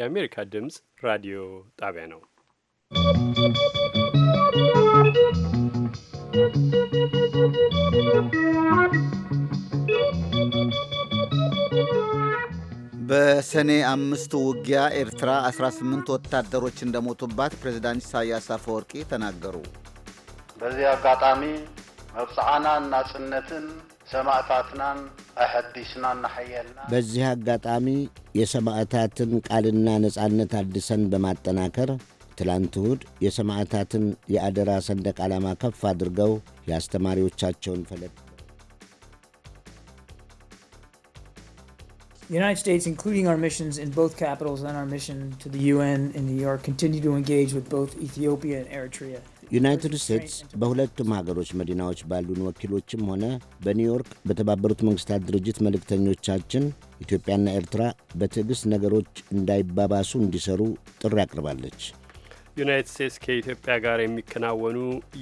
የአሜሪካ ድምፅ ራዲዮ ጣቢያ ነው። በሰኔ አምስቱ ውጊያ ኤርትራ 18 ወታደሮች እንደሞቱባት ፕሬዚዳንት ኢሳያስ አፈወርቂ ተናገሩ። በዚህ አጋጣሚ መብፅዓና ናጽነትን ሰማዕታትናን አሐዲስናን ናሐየልና በዚህ አጋጣሚ የሰማዕታትን ቃልና ነጻነት አድሰን በማጠናከር ትላንት እሁድ የሰማዕታትን የአደራ ሰንደቅ ዓላማ ከፍ አድርገው የአስተማሪዎቻቸውን ፈለግ United States, including our missions in both capitals and our mission to the UN in New York, continue to engage with both Ethiopia and Eritrea. ዩናይትድ ስቴትስ በሁለቱም ሀገሮች መዲናዎች ባሉን ወኪሎችም ሆነ በኒውዮርክ በተባበሩት መንግስታት ድርጅት መልእክተኞቻችን ኢትዮጵያና ኤርትራ በትዕግሥት ነገሮች እንዳይባባሱ እንዲሰሩ ጥሪ አቅርባለች። ዩናይትድ ስቴትስ ከኢትዮጵያ ጋር የሚከናወኑ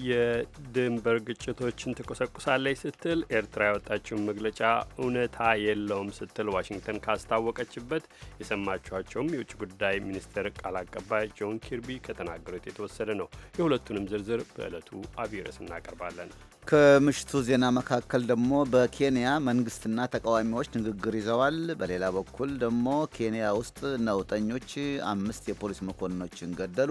የድንበር ግጭቶችን ትቆሰቁሳለች ስትል ኤርትራ ያወጣችውን መግለጫ እውነታ የለውም ስትል ዋሽንግተን ካስታወቀችበት የሰማችኋቸውም የውጭ ጉዳይ ሚኒስትር ቃል አቀባይ ጆን ኪርቢ ከተናገሩት የተወሰደ ነው። የሁለቱንም ዝርዝር በዕለቱ አብይ ርዕስ እናቀርባለን። ከምሽቱ ዜና መካከል ደግሞ በኬንያ መንግስትና ተቃዋሚዎች ንግግር ይዘዋል። በሌላ በኩል ደግሞ ኬንያ ውስጥ ነውጠኞች አምስት የፖሊስ መኮንኖችን ገደሉ።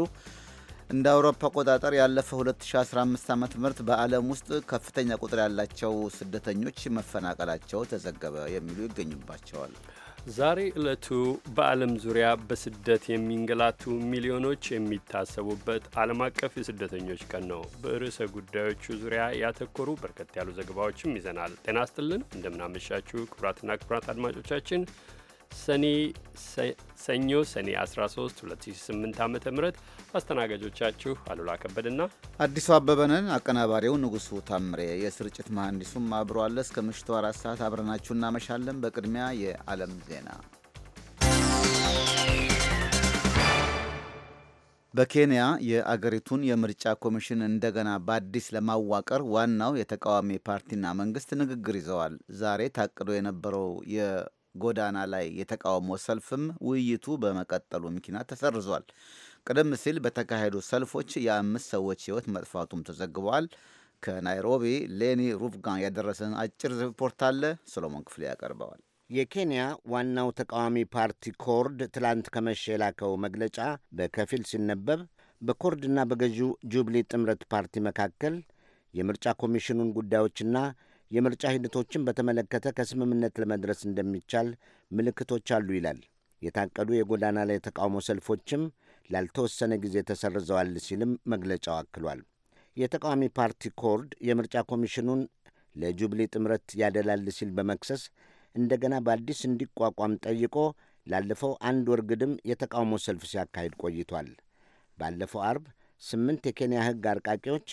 እንደ አውሮፓ አቆጣጠር ያለፈው 2015 ዓ ም በዓለም ውስጥ ከፍተኛ ቁጥር ያላቸው ስደተኞች መፈናቀላቸው ተዘገበ። የሚሉ ይገኙባቸዋል። ዛሬ ዕለቱ በዓለም ዙሪያ በስደት የሚንገላቱ ሚሊዮኖች የሚታሰቡበት ዓለም አቀፍ የስደተኞች ቀን ነው። በርዕሰ ጉዳዮቹ ዙሪያ ያተኮሩ በርከት ያሉ ዘገባዎችም ይዘናል። ጤና ይስጥልን፣ እንደምናመሻችሁ ክቡራትና ክቡራት አድማጮቻችን ሰኔ ሰኞ ሰኔ 13 2008 ዓ ም አስተናጋጆቻችሁ አሉላ ከበድና አዲሱ አበበነን አቀናባሪው ንጉሱ ታምሬ የስርጭት መሐንዲሱም አብሮ አለ። እስከ ምሽቱ አራት ሰዓት አብረናችሁ እናመሻለን። በቅድሚያ የዓለም ዜና። በኬንያ የአገሪቱን የምርጫ ኮሚሽን እንደገና በአዲስ ለማዋቀር ዋናው የተቃዋሚ ፓርቲና መንግስት ንግግር ይዘዋል። ዛሬ ታቅዶ የነበረው ጎዳና ላይ የተቃውሞ ሰልፍም ውይይቱ በመቀጠሉ ምክንያት ተሰርዟል። ቀደም ሲል በተካሄዱ ሰልፎች የአምስት ሰዎች ሕይወት መጥፋቱም ተዘግበዋል። ከናይሮቢ ሌኒ ሩፍጋን ያደረሰን አጭር ሪፖርት አለ። ሰሎሞን ክፍሌ ያቀርበዋል። የኬንያ ዋናው ተቃዋሚ ፓርቲ ኮርድ ትላንት ከመሸ የላከው መግለጫ በከፊል ሲነበብ በኮርድና በገዢው ጁብሊ ጥምረት ፓርቲ መካከል የምርጫ ኮሚሽኑን ጉዳዮችና የምርጫ ሂደቶችን በተመለከተ ከስምምነት ለመድረስ እንደሚቻል ምልክቶች አሉ ይላል። የታቀዱ የጎዳና ላይ የተቃውሞ ሰልፎችም ላልተወሰነ ጊዜ ተሰርዘዋል ሲልም መግለጫው አክሏል። የተቃዋሚ ፓርቲ ኮርድ የምርጫ ኮሚሽኑን ለጁብሊ ጥምረት ያደላል ሲል በመክሰስ እንደገና በአዲስ እንዲቋቋም ጠይቆ ላለፈው አንድ ወር ግድም የተቃውሞ ሰልፍ ሲያካሂድ ቆይቷል። ባለፈው አርብ ስምንት የኬንያ ሕግ አርቃቂዎች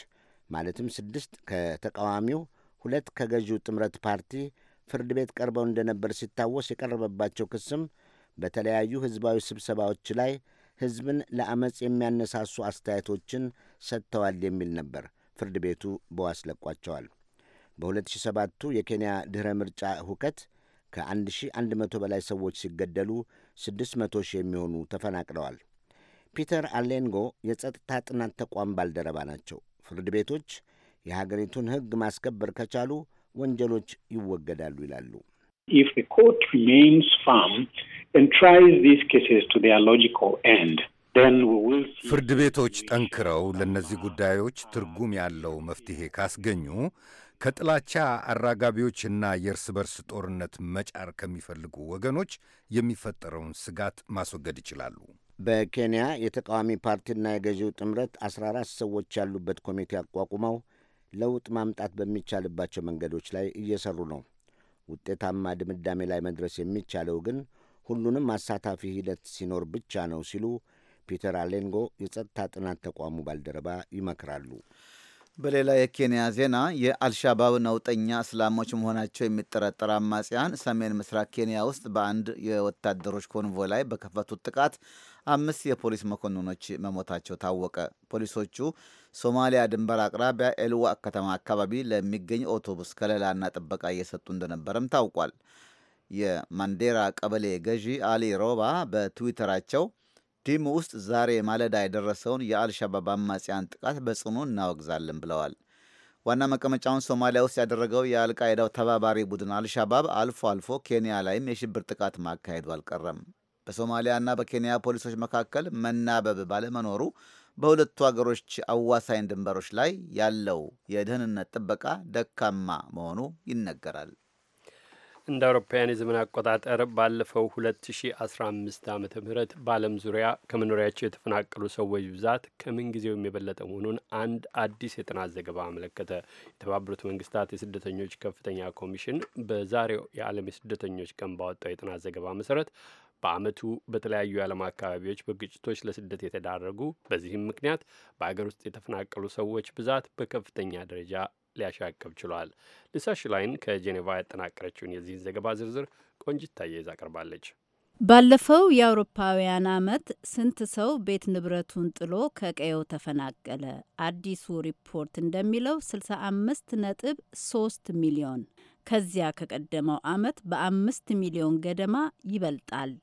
ማለትም ስድስት ከተቃዋሚው ሁለት ከገዢው ጥምረት ፓርቲ ፍርድ ቤት ቀርበው እንደነበር ሲታወስ የቀረበባቸው ክስም በተለያዩ ሕዝባዊ ስብሰባዎች ላይ ሕዝብን ለአመፅ የሚያነሳሱ አስተያየቶችን ሰጥተዋል የሚል ነበር። ፍርድ ቤቱ በዋስ ለቋቸዋል። በ2007ቱ የኬንያ ድኅረ ምርጫ ሁከት ከ1100 በላይ ሰዎች ሲገደሉ 600 ሺህ የሚሆኑ ተፈናቅለዋል። ፒተር አሌንጎ የጸጥታ ጥናት ተቋም ባልደረባ ናቸው። ፍርድ ቤቶች የሀገሪቱን ሕግ ማስከበር ከቻሉ ወንጀሎች ይወገዳሉ ይላሉ። ፍርድ ቤቶች ጠንክረው ለእነዚህ ጉዳዮች ትርጉም ያለው መፍትሄ ካስገኙ ከጥላቻ አራጋቢዎችና የእርስ በርስ ጦርነት መጫር ከሚፈልጉ ወገኖች የሚፈጠረውን ስጋት ማስወገድ ይችላሉ። በኬንያ የተቃዋሚ ፓርቲና የገዢው ጥምረት 14 ሰዎች ያሉበት ኮሚቴ አቋቁመው ለውጥ ማምጣት በሚቻልባቸው መንገዶች ላይ እየሰሩ ነው። ውጤታማ ድምዳሜ ላይ መድረስ የሚቻለው ግን ሁሉንም አሳታፊ ሂደት ሲኖር ብቻ ነው ሲሉ ፒተር አሌንጎ የጸጥታ ጥናት ተቋሙ ባልደረባ ይመክራሉ። በሌላ የኬንያ ዜና የአልሻባብ ነውጠኛ እስላሞች መሆናቸው የሚጠረጠር አማጽያን ሰሜን ምስራቅ ኬንያ ውስጥ በአንድ የወታደሮች ኮንቮይ ላይ በከፈቱት ጥቃት አምስት የፖሊስ መኮንኖች መሞታቸው ታወቀ። ፖሊሶቹ ሶማሊያ ድንበር አቅራቢያ ኤልዋ ከተማ አካባቢ ለሚገኝ አውቶቡስ ከለላና ጥበቃ እየሰጡ እንደነበረም ታውቋል። የማንዴራ ቀበሌ ገዢ አሊ ሮባ በትዊተራቸው ዲም ውስጥ ዛሬ ማለዳ የደረሰውን የአልሻባብ አማጽያን ጥቃት በጽኑ እናወግዛለን ብለዋል። ዋና መቀመጫውን ሶማሊያ ውስጥ ያደረገው የአልቃይዳው ተባባሪ ቡድን አልሻባብ አልፎ አልፎ ኬንያ ላይም የሽብር ጥቃት ማካሄዱ አልቀረም። በሶማሊያና በኬንያ ፖሊሶች መካከል መናበብ ባለመኖሩ በሁለቱ አገሮች አዋሳኝ ድንበሮች ላይ ያለው የደህንነት ጥበቃ ደካማ መሆኑ ይነገራል። እንደ አውሮፓውያን የዘመን አቆጣጠር ባለፈው 2015 ዓ ም በዓለም ዙሪያ ከመኖሪያቸው የተፈናቀሉ ሰዎች ብዛት ከምንጊዜው የበለጠ መሆኑን አንድ አዲስ የጥናት ዘገባ አመለከተ። የተባበሩት መንግስታት የስደተኞች ከፍተኛ ኮሚሽን በዛሬው የዓለም የስደተኞች ቀን ባወጣው የጥናት ዘገባ መሰረት በአመቱ በተለያዩ የዓለም አካባቢዎች በግጭቶች ለስደት የተዳረጉ በዚህም ምክንያት በአገር ውስጥ የተፈናቀሉ ሰዎች ብዛት በከፍተኛ ደረጃ ሊያሻቅብ ችሏል። ሊሳ ሽላይን ከጄኔቫ ያጠናቀረችውን የዚህን ዘገባ ዝርዝር ቆንጅት ታዬ ይዛ ቀርባለች። ባለፈው የአውሮፓውያን አመት ስንት ሰው ቤት ንብረቱን ጥሎ ከቀየው ተፈናቀለ? አዲሱ ሪፖርት እንደሚለው 65 ነጥብ 3 ሚሊዮን ከዚያ ከቀደመው አመት በአምስት ሚሊዮን ገደማ ይበልጣል።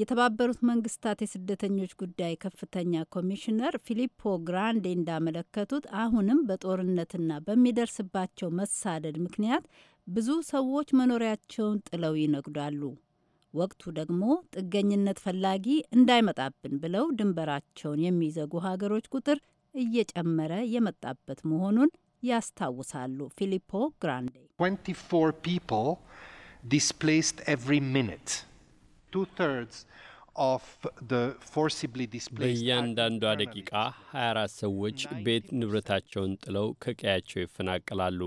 የተባበሩት መንግስታት የስደተኞች ጉዳይ ከፍተኛ ኮሚሽነር ፊሊፖ ግራንዴ እንዳመለከቱት አሁንም በጦርነትና በሚደርስባቸው መሳደድ ምክንያት ብዙ ሰዎች መኖሪያቸውን ጥለው ይነግዳሉ። ወቅቱ ደግሞ ጥገኝነት ፈላጊ እንዳይመጣብን ብለው ድንበራቸውን የሚዘጉ ሀገሮች ቁጥር እየጨመረ የመጣበት መሆኑን ያስታውሳሉ። ፊሊፖ ግራንዴ 24 people displaced every በእያንዳንዷ ደቂቃ 24 ሰዎች ቤት ንብረታቸውን ጥለው ከቀያቸው ይፈናቀላሉ።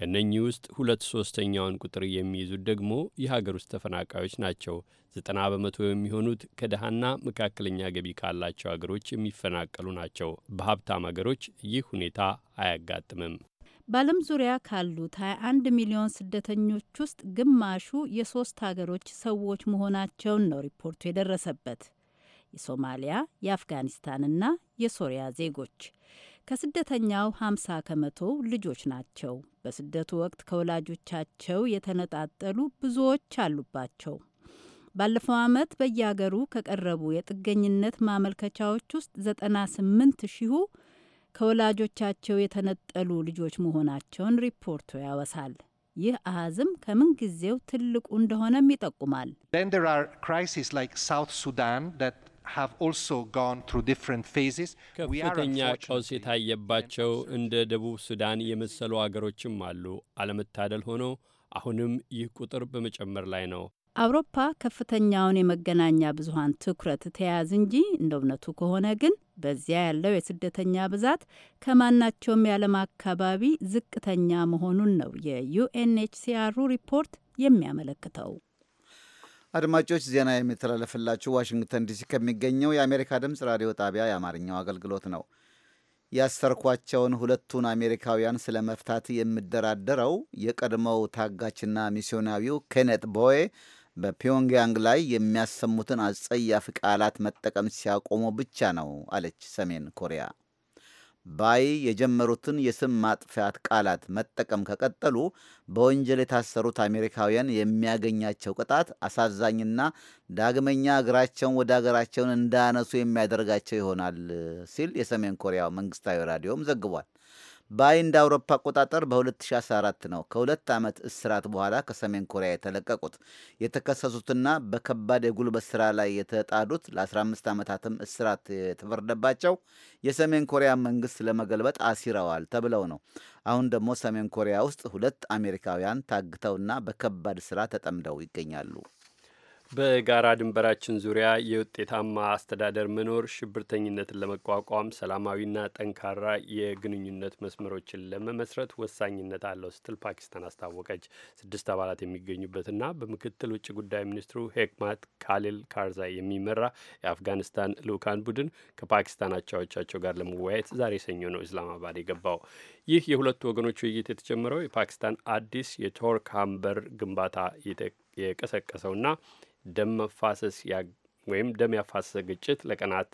ከነኚህ ውስጥ ሁለት ሶስተኛውን ቁጥር የሚይዙት ደግሞ የሀገር ውስጥ ተፈናቃዮች ናቸው። ዘጠና በመቶ የሚሆኑት ከድሃና መካከለኛ ገቢ ካላቸው አገሮች የሚፈናቀሉ ናቸው። በሀብታም አገሮች ይህ ሁኔታ አያጋጥምም። በዓለም ዙሪያ ካሉት 21 ሚሊዮን ስደተኞች ውስጥ ግማሹ የሶስት ሀገሮች ሰዎች መሆናቸውን ነው ሪፖርቱ የደረሰበት። የሶማሊያ፣ የአፍጋኒስታንና የሶሪያ ዜጎች ከስደተኛው 50 ከመቶ ልጆች ናቸው። በስደቱ ወቅት ከወላጆቻቸው የተነጣጠሉ ብዙዎች አሉባቸው። ባለፈው ዓመት በየሀገሩ ከቀረቡ የጥገኝነት ማመልከቻዎች ውስጥ 98 ሺሁ ከወላጆቻቸው የተነጠሉ ልጆች መሆናቸውን ሪፖርቱ ያወሳል። ይህ አሃዝም ከምን ጊዜው ትልቁ እንደሆነም ይጠቁማል። ከፍተኛ ቀውስ የታየባቸው እንደ ደቡብ ሱዳን የመሰሉ አገሮችም አሉ። አለመታደል ሆኖ አሁንም ይህ ቁጥር በመጨመር ላይ ነው። አውሮፓ ከፍተኛውን የመገናኛ ብዙሀን ትኩረት ተያያዝ እንጂ እንደ እውነቱ ከሆነ ግን በዚያ ያለው የስደተኛ ብዛት ከማናቸውም የዓለም አካባቢ ዝቅተኛ መሆኑን ነው የዩኤንኤችሲአሩ ሪፖርት የሚያመለክተው። አድማጮች ዜና የሚተላለፍላችሁ ዋሽንግተን ዲሲ ከሚገኘው የአሜሪካ ድምፅ ራዲዮ ጣቢያ የአማርኛው አገልግሎት ነው። ያሰርኳቸውን ሁለቱን አሜሪካውያን ስለ መፍታት የምደራደረው የቀድሞው ታጋችና ሚስዮናዊው ኬነት ቦዬ በፒዮንግያንግ ላይ የሚያሰሙትን አጸያፍ ቃላት መጠቀም ሲያቆሙ ብቻ ነው አለች ሰሜን ኮሪያ። ባይ የጀመሩትን የስም ማጥፋት ቃላት መጠቀም ከቀጠሉ በወንጀል የታሰሩት አሜሪካውያን የሚያገኛቸው ቅጣት አሳዛኝና ዳግመኛ እግራቸውን ወደ አገራቸውን እንዳያነሱ የሚያደርጋቸው ይሆናል ሲል የሰሜን ኮሪያው መንግስታዊ ራዲዮም ዘግቧል። ባይ እንደ አውሮፓ አቆጣጠር በ2014 ነው ከሁለት ዓመት እስራት በኋላ ከሰሜን ኮሪያ የተለቀቁት። የተከሰሱትና በከባድ የጉልበት ስራ ላይ የተጣዱት ለ15 ዓመታትም እስራት የተፈረደባቸው የሰሜን ኮሪያ መንግስት ለመገልበጥ አሲረዋል ተብለው ነው። አሁን ደግሞ ሰሜን ኮሪያ ውስጥ ሁለት አሜሪካውያን ታግተውና በከባድ ስራ ተጠምደው ይገኛሉ። በጋራ ድንበራችን ዙሪያ የውጤታማ አስተዳደር መኖር ሽብርተኝነትን ለመቋቋም ሰላማዊና ጠንካራ የግንኙነት መስመሮችን ለመመስረት ወሳኝነት አለው ስትል ፓኪስታን አስታወቀች። ስድስት አባላት የሚገኙበትና በምክትል ውጭ ጉዳይ ሚኒስትሩ ሄክማት ካሊል ካርዛይ የሚመራ የአፍጋኒስታን ልዑካን ቡድን ከፓኪስታን አቻዎቻቸው ጋር ለመወያየት ዛሬ ሰኞ ነው ኢስላማባድ የገባው። ይህ የሁለቱ ወገኖች ውይይት የተጀመረው የፓኪስታን አዲስ የቶርክ ሃምበር ግንባታ የቀሰቀሰውና ደም መፋሰስ ወይም ደም ያፋሰሰ ግጭት ለቀናት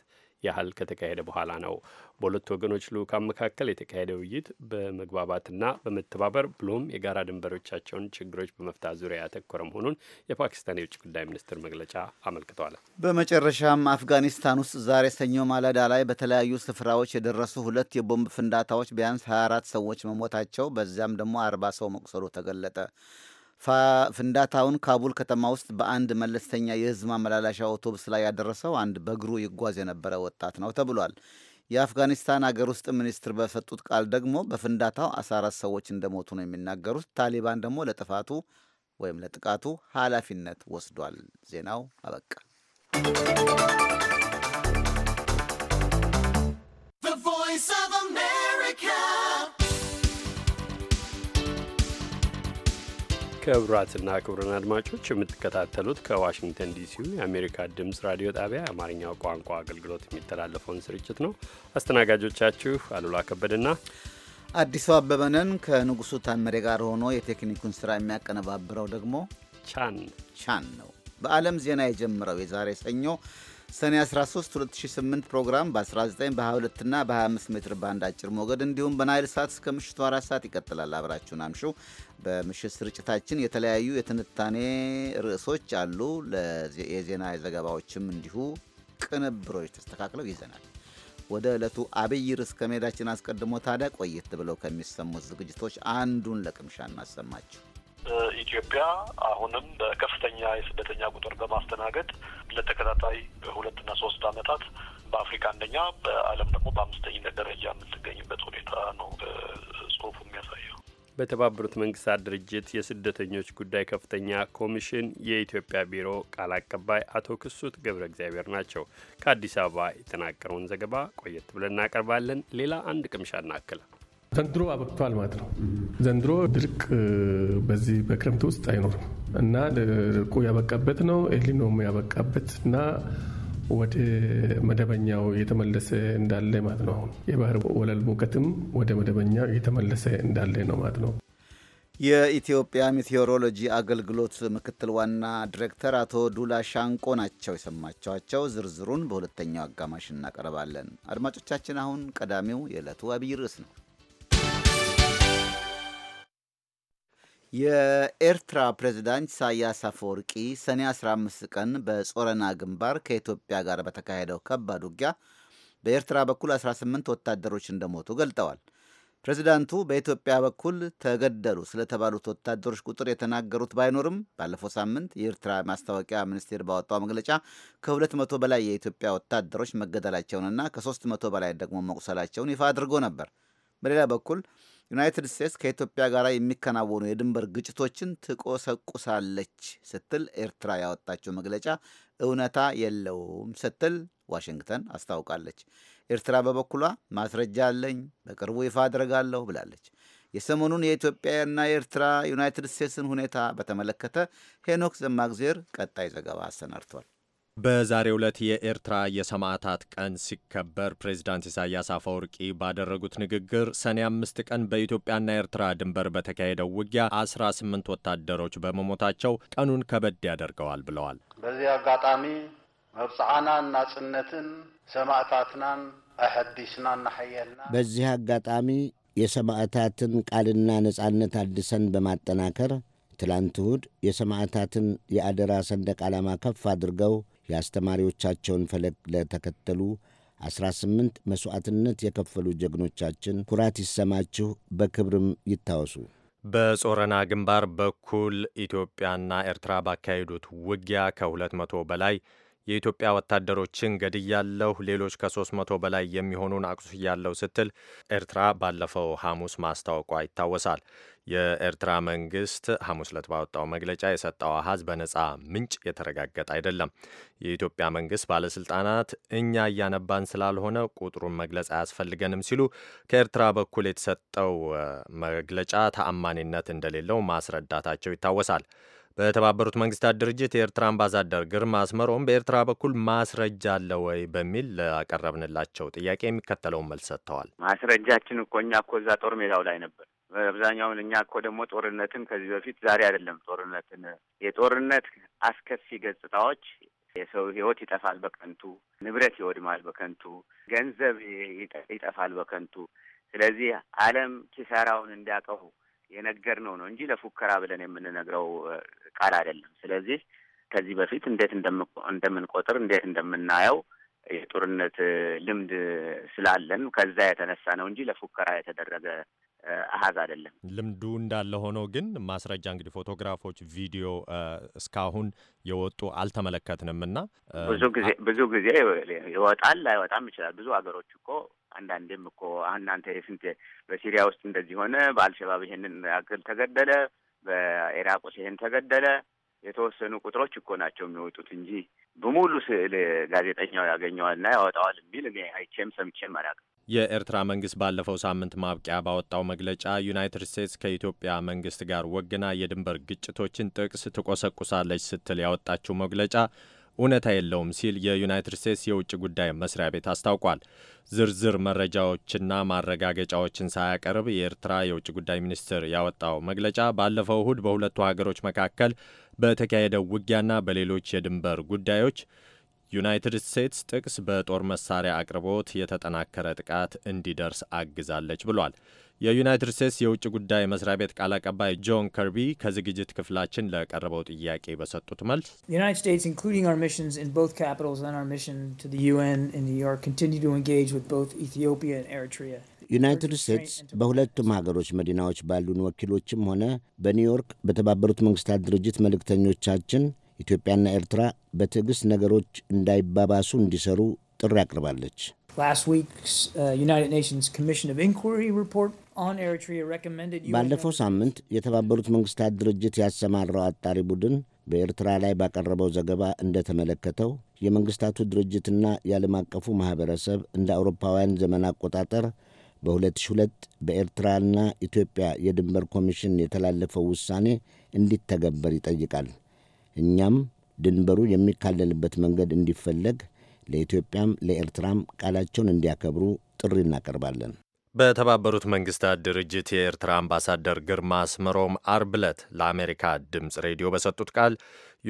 ያህል ከተካሄደ በኋላ ነው። በሁለቱ ወገኖች ልዑካን መካከል የተካሄደ ውይይት በመግባባትና በመተባበር ብሎም የጋራ ድንበሮቻቸውን ችግሮች በመፍታት ዙሪያ ያተኮረ መሆኑን የፓኪስታን የውጭ ጉዳይ ሚኒስትር መግለጫ አመልክተዋል። በመጨረሻም አፍጋኒስታን ውስጥ ዛሬ ሰኞ ማለዳ ላይ በተለያዩ ስፍራዎች የደረሱ ሁለት የቦምብ ፍንዳታዎች ቢያንስ 24 ሰዎች መሞታቸው በዚያም ደግሞ 40 ሰው መቁሰሉ ተገለጠ። ፍንዳታውን ካቡል ከተማ ውስጥ በአንድ መለስተኛ የህዝብ ማመላለሻ አውቶቡስ ላይ ያደረሰው አንድ በእግሩ ይጓዝ የነበረ ወጣት ነው ተብሏል። የአፍጋኒስታን አገር ውስጥ ሚኒስትር በሰጡት ቃል ደግሞ በፍንዳታው 14 ሰዎች እንደሞቱ ነው የሚናገሩት። ታሊባን ደግሞ ለጥፋቱ ወይም ለጥቃቱ ኃላፊነት ወስዷል። ዜናው አበቃ። ቮይስ ኦፍ አሜሪካ ክቡራትና ክቡራን አድማጮች የምትከታተሉት ከዋሽንግተን ዲሲው የአሜሪካ ድምፅ ራዲዮ ጣቢያ የአማርኛው ቋንቋ አገልግሎት የሚተላለፈውን ስርጭት ነው። አስተናጋጆቻችሁ አሉላ ከበድና አዲሱ አበበነን ከንጉሱ ታመሬ ጋር ሆኖ የቴክኒኩን ስራ የሚያቀነባብረው ደግሞ ቻን ቻን ነው። በዓለም ዜና የጀመረው የዛሬ ሰኞ ሰኔ 13 2008 ፕሮግራም በ19 በ22 እና በ25 ሜትር ባንድ አጭር ሞገድ እንዲሁም በናይል ሳት እስከ ምሽቱ አራት ሰዓት ይቀጥላል። አብራችሁን አምሹ። በምሽት ስርጭታችን የተለያዩ የትንታኔ ርዕሶች አሉ። የዜና ዘገባዎችም እንዲሁ ቅንብሮች ተስተካክለው ይዘናል። ወደ ዕለቱ አብይ ርዕስ ከመሄዳችን አስቀድሞ ታዲያ ቆየት ብለው ከሚሰሙት ዝግጅቶች አንዱን ለቅምሻ እናሰማችሁ። ኢትዮጵያ አሁንም በከፍተኛ የስደተኛ ቁጥር በማስተናገድ ለተከታታይ ሁለትና ሶስት አመታት በአፍሪካ አንደኛ በዓለም ደግሞ በአምስተኝነት ደረጃ የምትገኝበት ሁኔታ ነው ጽሁፉ የሚያሳየው። በተባበሩት መንግስታት ድርጅት የስደተኞች ጉዳይ ከፍተኛ ኮሚሽን የኢትዮጵያ ቢሮ ቃል አቀባይ አቶ ክሱት ገብረ እግዚአብሔር ናቸው። ከአዲስ አበባ የተናቀረውን ዘገባ ቆየት ብለን እናቀርባለን። ሌላ አንድ ቅምሻ እናክል። ዘንድሮ አበቅቷል ማለት ነው። ዘንድሮ ድርቅ በዚህ በክረምት ውስጥ አይኖርም እና ድርቁ ያበቃበት ነው። ኤሊኖም ያበቃበት እና ወደ መደበኛው እየተመለሰ እንዳለ ማለት ነው። አሁን የባህር ወለል ሙቀትም ወደ መደበኛው እየተመለሰ እንዳለ ነው ማለት ነው። የኢትዮጵያ ሜቴዎሮሎጂ አገልግሎት ምክትል ዋና ዲሬክተር አቶ ዱላ ሻንቆ ናቸው የሰማችኋቸው። ዝርዝሩን በሁለተኛው አጋማሽ እናቀርባለን። አድማጮቻችን፣ አሁን ቀዳሚው የዕለቱ አብይ ርዕስ ነው። የኤርትራ ፕሬዚዳንት ኢሳያስ አፈወርቂ ሰኔ 15 ቀን በጾረና ግንባር ከኢትዮጵያ ጋር በተካሄደው ከባድ ውጊያ በኤርትራ በኩል 18 ወታደሮች እንደሞቱ ገልጠዋል። ፕሬዚዳንቱ በኢትዮጵያ በኩል ተገደሉ ስለተባሉት ወታደሮች ቁጥር የተናገሩት ባይኖርም ባለፈው ሳምንት የኤርትራ ማስታወቂያ ሚኒስቴር ባወጣው መግለጫ ከ200 በላይ የኢትዮጵያ ወታደሮች መገደላቸውንና ከ300 በላይ ደግሞ መቁሰላቸውን ይፋ አድርጎ ነበር። በሌላ በኩል ዩናይትድ ስቴትስ ከኢትዮጵያ ጋር የሚከናወኑ የድንበር ግጭቶችን ትቆሰቁሳለች ስትል ኤርትራ ያወጣችው መግለጫ እውነታ የለውም ስትል ዋሽንግተን አስታውቃለች። ኤርትራ በበኩሏ ማስረጃ አለኝ፣ በቅርቡ ይፋ አድርጋለሁ ብላለች። የሰሞኑን የኢትዮጵያና የኤርትራ ዩናይትድ ስቴትስን ሁኔታ በተመለከተ ሄኖክ ዘማግዜር ቀጣይ ዘገባ አሰናድቷል። በዛሬው ዕለት የኤርትራ የሰማዕታት ቀን ሲከበር ፕሬዚዳንት ኢሳያስ አፈወርቂ ባደረጉት ንግግር ሰኔ አምስት ቀን በኢትዮጵያና ኤርትራ ድንበር በተካሄደው ውጊያ አስራ ስምንት ወታደሮች በመሞታቸው ቀኑን ከበድ ያደርገዋል ብለዋል። በዚህ አጋጣሚ መብፅዓናን ናጽነትን ሰማዕታትናን አሐዲስና ናሐየልና በዚህ አጋጣሚ የሰማዕታትን ቃልና ነጻነት አድሰን በማጠናከር ትላንት እሁድ የሰማዕታትን የአደራ ሰንደቅ ዓላማ ከፍ አድርገው የአስተማሪዎቻቸውን ፈለግ ለተከተሉ 18 መሥዋዕትነት የከፈሉ ጀግኖቻችን ኩራት ይሰማችሁ፣ በክብርም ይታወሱ። በጾረና ግንባር በኩል ኢትዮጵያና ኤርትራ ባካሄዱት ውጊያ ከሁለት መቶ በላይ የኢትዮጵያ ወታደሮችን ገድያለሁ፣ ሌሎች ከሶስት መቶ በላይ የሚሆኑን አቁስያለሁ ስትል ኤርትራ ባለፈው ሐሙስ ማስታወቋ ይታወሳል። የኤርትራ መንግስት ሐሙስ ዕለት ባወጣው መግለጫ የሰጠው አሀዝ በነፃ ምንጭ የተረጋገጠ አይደለም። የኢትዮጵያ መንግስት ባለስልጣናት እኛ እያነባን ስላልሆነ ቁጥሩን መግለጽ አያስፈልገንም ሲሉ ከኤርትራ በኩል የተሰጠው መግለጫ ተአማኒነት እንደሌለው ማስረዳታቸው ይታወሳል። በተባበሩት መንግስታት ድርጅት የኤርትራ አምባሳደር ግርማ አስመሮም በኤርትራ በኩል ማስረጃ አለ ወይ በሚል ላቀረብንላቸው ጥያቄ የሚከተለውን መልስ ሰጥተዋል። ማስረጃችን እኮ እኛ እኮ እዛ ጦር ሜዳው ላይ ነበር። አብዛኛውን እኛ እኮ ደግሞ ጦርነትን ከዚህ በፊት ዛሬ አይደለም ጦርነትን የጦርነት አስከፊ ገጽታዎች የሰው ህይወት ይጠፋል በከንቱ ንብረት ይወድማል በከንቱ ገንዘብ ይጠፋል በከንቱ ስለዚህ ዓለም ኪሳራውን እንዲያውቀው የነገርነው ነው እንጂ ለፉከራ ብለን የምንነግረው ቃል አይደለም። ስለዚህ ከዚህ በፊት እንዴት እንደምንቆጥር እንዴት እንደምናየው የጦርነት ልምድ ስላለን ከዛ የተነሳ ነው እንጂ ለፉከራ የተደረገ አሀዝ አይደለም። ልምዱ እንዳለ ሆኖ ግን ማስረጃ እንግዲህ ፎቶግራፎች፣ ቪዲዮ እስካሁን የወጡ አልተመለከትንም እና ብዙ ጊዜ ብዙ ጊዜ ይወጣል ላይወጣም ይችላል። ብዙ ሀገሮች እኮ አንዳንዴም እኮ እናንተ የስንት በሲሪያ ውስጥ እንደዚህ ሆነ፣ በአልሸባብ ይሄንን ያክል ተገደለ፣ በኢራቅ ውስጥ ይሄን ተገደለ። የተወሰኑ ቁጥሮች እኮ ናቸው የሚወጡት እንጂ በሙሉ ስዕል ጋዜጠኛው ያገኘዋልና ያወጣዋል የሚል እኔ አይቼም ሰምቼም አላውቅም። የኤርትራ መንግስት ባለፈው ሳምንት ማብቂያ ባወጣው መግለጫ ዩናይትድ ስቴትስ ከኢትዮጵያ መንግስት ጋር ወግና የድንበር ግጭቶችን ጥቅስ ትቆሰቁሳለች ስትል ያወጣችው መግለጫ እውነታ የለውም ሲል የዩናይትድ ስቴትስ የውጭ ጉዳይ መስሪያ ቤት አስታውቋል። ዝርዝር መረጃዎችና ማረጋገጫዎችን ሳያቀርብ የኤርትራ የውጭ ጉዳይ ሚኒስትር ያወጣው መግለጫ ባለፈው እሁድ በሁለቱ ሀገሮች መካከል በተካሄደው ውጊያና በሌሎች የድንበር ጉዳዮች ዩናይትድ ስቴትስ ጥቅስ በጦር መሳሪያ አቅርቦት የተጠናከረ ጥቃት እንዲደርስ አግዛለች ብሏል። የዩናይትድ ስቴትስ የውጭ ጉዳይ መስሪያ ቤት ቃል አቀባይ ጆን ከርቢ ከዝግጅት ክፍላችን ለቀረበው ጥያቄ በሰጡት መልስ ዩናይትድ ስቴትስ በሁለቱም ሀገሮች መዲናዎች ባሉን ወኪሎችም ሆነ በኒውዮርክ በተባበሩት መንግስታት ድርጅት መልእክተኞቻችን ኢትዮጵያና ኤርትራ በትዕግሥት ነገሮች እንዳይባባሱ እንዲሰሩ ጥሪ አቅርባለች። uh, ባለፈው ሳምንት የተባበሩት መንግሥታት ድርጅት ያሰማራው አጣሪ ቡድን በኤርትራ ላይ ባቀረበው ዘገባ እንደተመለከተው የመንግሥታቱ ድርጅትና የዓለም አቀፉ ማኅበረሰብ እንደ አውሮፓውያን ዘመን አቆጣጠር በ2002 በኤርትራና ኢትዮጵያ የድንበር ኮሚሽን የተላለፈው ውሳኔ እንዲተገበር ይጠይቃል። እኛም ድንበሩ የሚካለልበት መንገድ እንዲፈለግ ለኢትዮጵያም ለኤርትራም ቃላቸውን እንዲያከብሩ ጥሪ እናቀርባለን። በተባበሩት መንግስታት ድርጅት የኤርትራ አምባሳደር ግርማ አስመሮም አርብ ዕለት ለአሜሪካ ድምፅ ሬዲዮ በሰጡት ቃል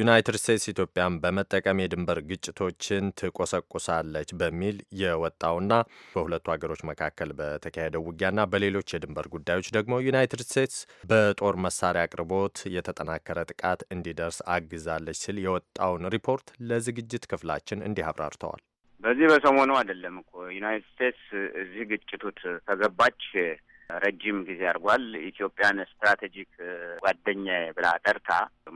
ዩናይትድ ስቴትስ ኢትዮጵያን በመጠቀም የድንበር ግጭቶችን ትቆሰቁሳለች በሚል የወጣውና በሁለቱ ሀገሮች መካከል በተካሄደው ውጊያና በሌሎች የድንበር ጉዳዮች ደግሞ ዩናይትድ ስቴትስ በጦር መሳሪያ አቅርቦት የተጠናከረ ጥቃት እንዲደርስ አግዛለች ሲል የወጣውን ሪፖርት ለዝግጅት ክፍላችን እንዲህ አብራርተዋል። በዚህ በሰሞኑ አይደለም እኮ ዩናይትድ ስቴትስ እዚህ ግጭቱት ከገባች ረጅም ጊዜ አድርጓል። ኢትዮጵያን ስትራቴጂክ ጓደኛ ብላ ጠርታ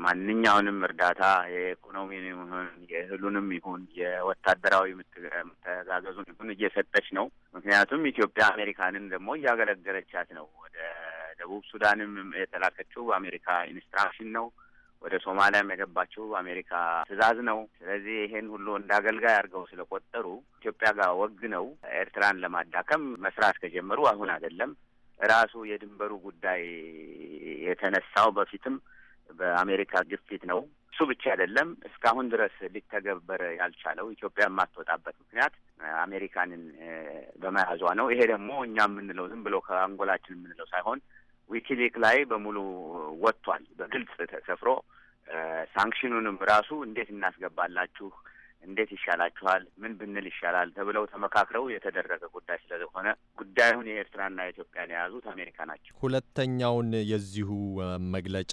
ማንኛውንም እርዳታ የኢኮኖሚን ይሁን የእህሉንም ይሁን የወታደራዊ ተጋገዙን ይሁን እየሰጠች ነው። ምክንያቱም ኢትዮጵያ አሜሪካንን ደግሞ እያገለገለቻት ነው። ወደ ደቡብ ሱዳንም የተላከችው በአሜሪካ ኢንስትራክሽን ነው። ወደ ሶማሊያም የገባችው አሜሪካ ትዕዛዝ ነው። ስለዚህ ይሄን ሁሉ እንደ አገልጋይ አድርገው ስለቆጠሩ ኢትዮጵያ ጋር ወግ ነው ኤርትራን ለማዳከም መስራት ከጀመሩ አሁን አይደለም። ራሱ የድንበሩ ጉዳይ የተነሳው በፊትም በአሜሪካ ግፊት ነው። እሱ ብቻ አይደለም። እስካሁን ድረስ ሊተገበር ያልቻለው ኢትዮጵያ የማትወጣበት ምክንያት አሜሪካንን በመያዟ ነው። ይሄ ደግሞ እኛ የምንለው ዝም ብሎ ከአንጎላችን የምንለው ሳይሆን ዊኪሊክ ላይ በሙሉ ወጥቷል በግልጽ ተሰፍሮ ሳንክሽኑንም ራሱ እንዴት እናስገባላችሁ እንዴት ይሻላችኋል፣ ምን ብንል ይሻላል ተብለው ተመካክረው የተደረገ ጉዳይ ስለሆነ ጉዳዩን የኤርትራና የኢትዮጵያን የያዙት አሜሪካ ናቸው። ሁለተኛውን የዚሁ መግለጫ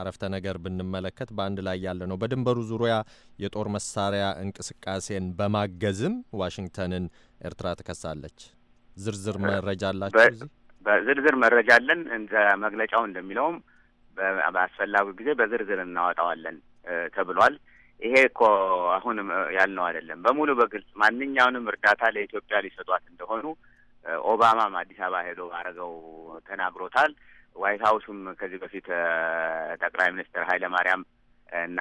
አረፍተ ነገር ብንመለከት በአንድ ላይ ያለ ነው። በድንበሩ ዙሪያ የጦር መሳሪያ እንቅስቃሴን በማገዝም ዋሽንግተንን ኤርትራ ትከሳለች። ዝርዝር መረጃ አላችሁ እዚህ በዝርዝር መረጃ አለን። እንደ መግለጫው እንደሚለውም በአስፈላጊ ጊዜ በዝርዝር እናወጣዋለን ተብሏል። ይሄ እኮ አሁንም ያልነው አይደለም። በሙሉ በግልጽ ማንኛውንም እርዳታ ለኢትዮጵያ ሊሰጧት እንደሆኑ ኦባማም አዲስ አበባ ሄዶ ባረገው ተናግሮታል። ዋይት ሀውሱም ከዚህ በፊት ጠቅላይ ሚኒስትር ኃይለ ማርያም እና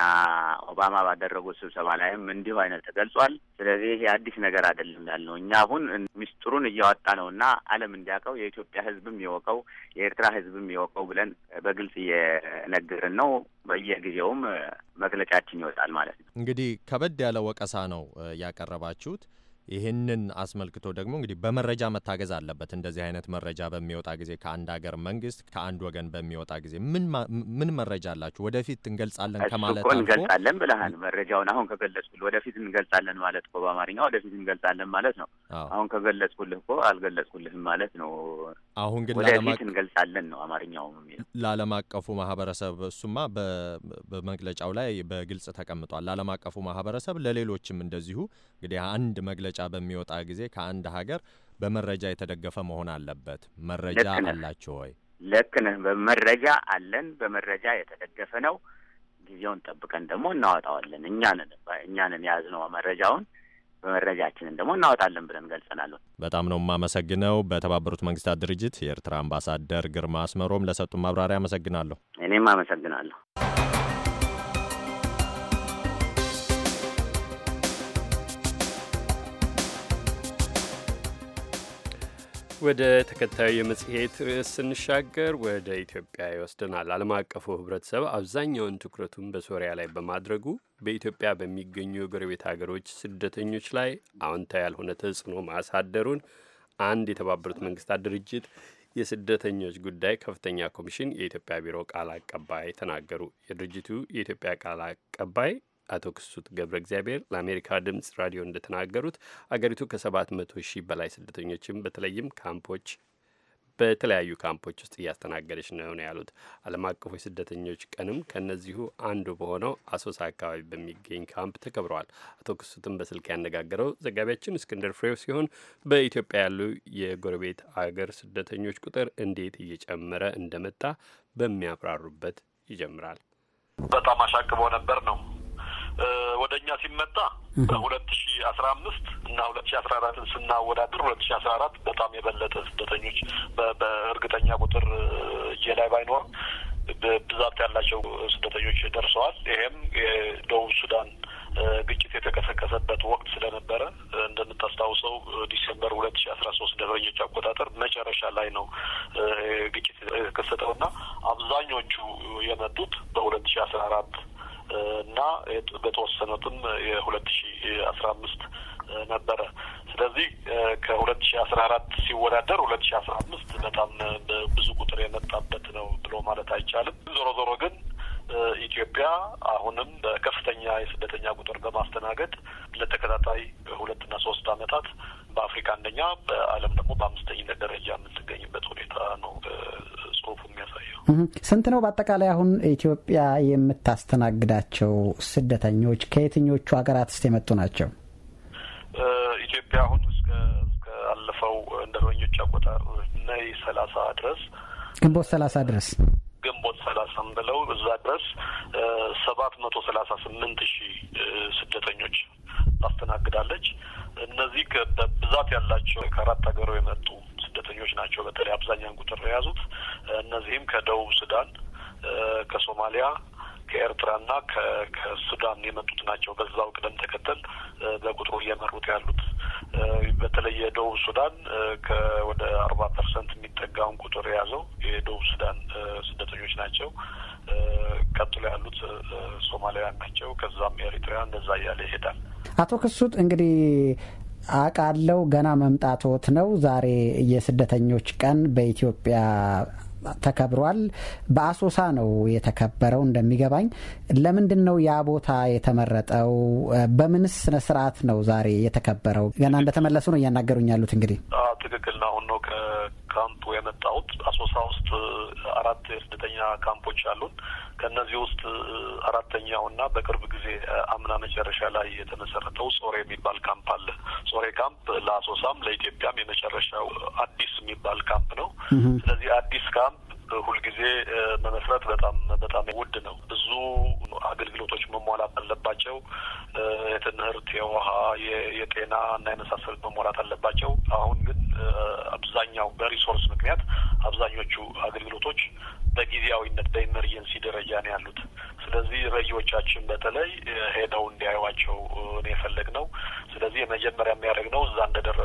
ኦባማ ባደረጉት ስብሰባ ላይም እንዲሁ አይነት ተገልጿል። ስለዚህ ይሄ አዲስ ነገር አይደለም ያልነው እኛ አሁን ሚስጥሩን እያወጣ ነው እና ዓለም እንዲያውቀው የኢትዮጵያ ሕዝብም የወቀው የኤርትራ ሕዝብም የወቀው ብለን በግልጽ እየነገርን ነው። በየጊዜውም መግለጫችን ይወጣል ማለት ነው። እንግዲህ ከበድ ያለ ወቀሳ ነው ያቀረባችሁት። ይህንን አስመልክቶ ደግሞ እንግዲህ በመረጃ መታገዝ አለበት። እንደዚህ አይነት መረጃ በሚወጣ ጊዜ ከአንድ ሀገር መንግስት ከአንድ ወገን በሚወጣ ጊዜ ምን መረጃ አላችሁ ወደፊት እንገልጻለን ከማለት እንገልጻለን ብለሃል። መረጃውን አሁን ከገለጽኩልህ ወደፊት እንገልጻለን ማለት እኮ በአማርኛ ወደፊት እንገልጻለን ማለት ነው። አሁን ከገለጽኩልህ እኮ አልገለጽኩልህም ማለት ነው። አሁን ግን ወደፊት እንገልጻለን ነው አማርኛው የሚለው ለዓለም አቀፉ ማህበረሰብ። እሱማ በመግለጫው ላይ በግልጽ ተቀምጧል። ለዓለም አቀፉ ማህበረሰብ ለሌሎችም እንደዚሁ እንግዲህ አንድ መግለጫ በሚወጣ ጊዜ ከአንድ ሀገር በመረጃ የተደገፈ መሆን አለበት። መረጃ አላችሁ ወይ? ልክ ነህ። በመረጃ አለን። በመረጃ የተደገፈ ነው። ጊዜውን ጠብቀን ደግሞ እናወጣዋለን። እኛንን እኛንን የያዝነው መረጃውን መረጃችንን ደግሞ እናወጣለን ብለን ገልጸናል። በጣም ነው የማመሰግነው። በተባበሩት መንግስታት ድርጅት የኤርትራ አምባሳደር ግርማ አስመሮም ለሰጡ ማብራሪያ አመሰግናለሁ። እኔም አመሰግናለሁ። ወደ ተከታዩ የመጽሔት ርዕስ ስንሻገር ወደ ኢትዮጵያ ይወስደናል። ዓለም አቀፉ ህብረተሰብ አብዛኛውን ትኩረቱን በሶሪያ ላይ በማድረጉ በኢትዮጵያ በሚገኙ የጎረቤት ሀገሮች ስደተኞች ላይ አዎንታ ያልሆነ ተጽዕኖ ማሳደሩን አንድ የተባበሩት መንግስታት ድርጅት የስደተኞች ጉዳይ ከፍተኛ ኮሚሽን የኢትዮጵያ ቢሮ ቃል አቀባይ ተናገሩ። የድርጅቱ የኢትዮጵያ ቃል አቀባይ አቶ ክሱት ገብረ እግዚአብሔር ለአሜሪካ ድምፅ ራዲዮ እንደተናገሩት አገሪቱ ከሰባት መቶ ሺህ በላይ ስደተኞችን በተለይም ካምፖች በተለያዩ ካምፖች ውስጥ እያስተናገደች ነው ነው ያሉት። ዓለም አቀፉ የስደተኞች ቀንም ከእነዚሁ አንዱ በሆነው አሶሳ አካባቢ በሚገኝ ካምፕ ተከብረዋል። አቶ ክሱትን በስልክ ያነጋገረው ዘጋቢያችን እስክንድር ፍሬው ሲሆን በኢትዮጵያ ያሉ የጎረቤት አገር ስደተኞች ቁጥር እንዴት እየጨመረ እንደመጣ በሚያብራሩበት ይጀምራል። በጣም አሻቅቦ ነበር ነው ወደ እኛ ሲመጣ በሁለት ሺ አስራ አምስት እና ሁለት ሺ አስራ አራትን ስናወዳድር ሁለት ሺ አስራ አራት በጣም የበለጠ ስደተኞች በእርግጠኛ ቁጥር እጄ ላይ ባይኖር ብዛት ያላቸው ስደተኞች ደርሰዋል። ይሄም የደቡብ ሱዳን ግጭት የተቀሰቀሰበት ወቅት ስለነበረ እንደምታስታውሰው ዲሴምበር ሁለት ሺ አስራ ሶስት ደረኞች አቆጣጠር መጨረሻ ላይ ነው ግጭት የተከሰተውና አብዛኞቹ የመጡት በሁለት ሺ አስራ አራት እና በተወሰኑትም የሁለት ሺ አስራ አምስት ነበረ። ስለዚህ ከሁለት ሺ አስራ አራት ሲወዳደር ሁለት ሺ አስራ አምስት በጣም ብዙ ቁጥር የመጣበት ነው ብሎ ማለት አይቻልም። ዞሮ ዞሮ ግን ኢትዮጵያ አሁንም በከፍተኛ የስደተኛ ቁጥር በማስተናገድ ለተከታታይ ሁለትና ሶስት አመታት በአፍሪካ አንደኛ በዓለም ደግሞ በአምስተኝነት ደረጃ የምትገኝበት ሁኔታ ነው ጽሁፉ የሚያሳየው። ስንት ነው በአጠቃላይ አሁን ኢትዮጵያ የምታስተናግዳቸው ስደተኞች ከየትኞቹ ሀገራት ውስጥ የመጡ ናቸው? ኢትዮጵያ አሁን እስከ አለፈው እንደ ሮኞች አቆጣር ነይ ሰላሳ ድረስ ግንቦት ሰላሳ ድረስ ግንቦት ሰላሳ ብለው እዛ ድረስ ሰባት መቶ ሰላሳ ስምንት ሺህ ስደተኞች ታስተናግዳለች። እነዚህ በብዛት ያላቸው ከአራት ሀገሩ የመጡ ስደተኞች ናቸው። በተለይ አብዛኛውን ቁጥር የያዙት እነዚህም ከደቡብ ሱዳን፣ ከሶማሊያ፣ ከኤርትራና ከሱዳን የመጡት ናቸው። በዛው ቅደም ተከተል በቁጥሩ እየመሩት ያሉት በተለይ የደቡብ ሱዳን ከወደ አርባ ፐርሰንት የሚጠጋውን ቁጥር የያዘው የደቡብ ሱዳን ስደተኞች ናቸው። ቀጥሎ ያሉት ሶማሊያውያን ናቸው። ከዛም ኤሪትሪያ እንደዛ እያለ ይሄዳል። አቶ ክሱት እንግዲህ አቃለው ገና መምጣቶት ነው። ዛሬ የስደተኞች ቀን በኢትዮጵያ ተከብሯል። በአሶሳ ነው የተከበረው እንደሚገባኝ። ለምንድን ነው ያ ቦታ የተመረጠው? በምንስ ስነ ስርዓት ነው ዛሬ የተከበረው? ገና እንደተመለሱ ነው እያናገሩኝ ያሉት። እንግዲህ ትክክል ነው። አሁን ነው ካምፑ የመጣሁት አሶሳ ውስጥ አራት የስደተኛ ካምፖች አሉን። ከእነዚህ ውስጥ አራተኛው እና በቅርብ ጊዜ አምና መጨረሻ ላይ የተመሰረተው ጾሬ የሚባል ካምፕ አለ። ጾሬ ካምፕ ለአሶሳም ለኢትዮጵያም የመጨረሻው አዲስ የሚባል ካምፕ ነው። ስለዚህ አዲስ ካምፕ ሁልጊዜ መመስረት በጣም በጣም ውድ ነው። ብዙ አገልግሎቶች መሟላት አለባቸው። የትምህርት፣ የውሃ፣ የጤና እና የመሳሰሉት መሟላት አለባቸው። አሁን ግን አብዛኛው በሪሶርስ ምክንያት አብዛኞቹ አገልግሎቶች በጊዜያዊነት በኢመርጀንሲ ደረጃ ነው ያሉት። ስለዚህ ረጂዎቻችን በተለይ ሄደው እንዲያዩዋቸው ነው የፈለግ ነው። ስለዚህ የመጀመሪያ የሚያደርግ ነው እዛ እንደደረ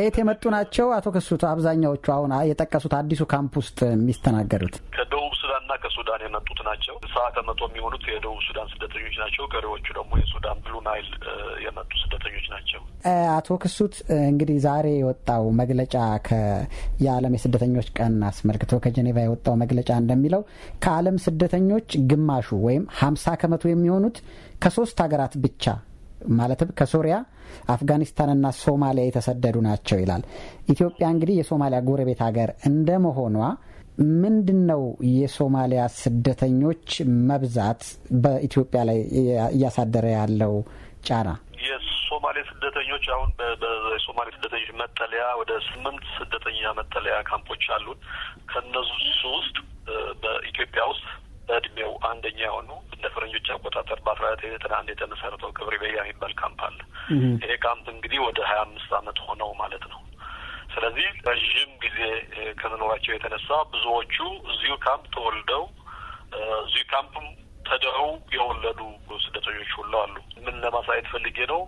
ከየት የመጡ ናቸው? አቶ ክሱት አብዛኛዎቹ አሁን የጠቀሱት አዲሱ ካምፕ ውስጥ የሚስተናገዱት ከደቡብ ሱዳንና ከሱዳን የመጡት ናቸው። ሰባ ከመቶ የሚሆኑት የደቡብ ሱዳን ስደተኞች ናቸው። ቀሪዎቹ ደግሞ የሱዳን ብሉ ናይል የመጡ ስደተኞች ናቸው። አቶ ክሱት እንግዲህ ዛሬ የወጣው መግለጫ የዓለም የስደተኞች ቀን አስመልክቶ ከጀኔቫ የወጣው መግለጫ እንደሚለው ከዓለም ስደተኞች ግማሹ ወይም ሀምሳ ከመቶ የሚሆኑት ከሶስት ሀገራት ብቻ ማለትም ከሶሪያ አፍጋኒስታንና ሶማሊያ የተሰደዱ ናቸው ይላል። ኢትዮጵያ እንግዲህ የሶማሊያ ጎረቤት ሀገር እንደመሆኗ ምንድን ነው የሶማሊያ ስደተኞች መብዛት በኢትዮጵያ ላይ እያሳደረ ያለው ጫና? የሶማሌ ስደተኞች አሁን በሶማሌ ስደተኞች መጠለያ ወደ ስምንት ስደተኛ መጠለያ ካምፖች አሉን። ከነሱ ውስጥ በኢትዮጵያ ውስጥ በእድሜው አንደኛ የሆኑ እንደ ፈረንጆች አቆጣጠር በአስራ ዘጠኝ ዘጠና አንድ የተመሰረተው ክብሪ ቤያ የሚባል ካምፕ አለ። ይሄ ካምፕ እንግዲህ ወደ ሀያ አምስት አመት ሆነው ማለት ነው። ስለዚህ ረዥም ጊዜ ከመኖራቸው የተነሳ ብዙዎቹ እዚሁ ካምፕ ተወልደው እዚሁ ካምፕም ተደው የወለዱ ስደተኞች ሁሉ አሉ። ምን ለማሳየት ፈልጌ ነው?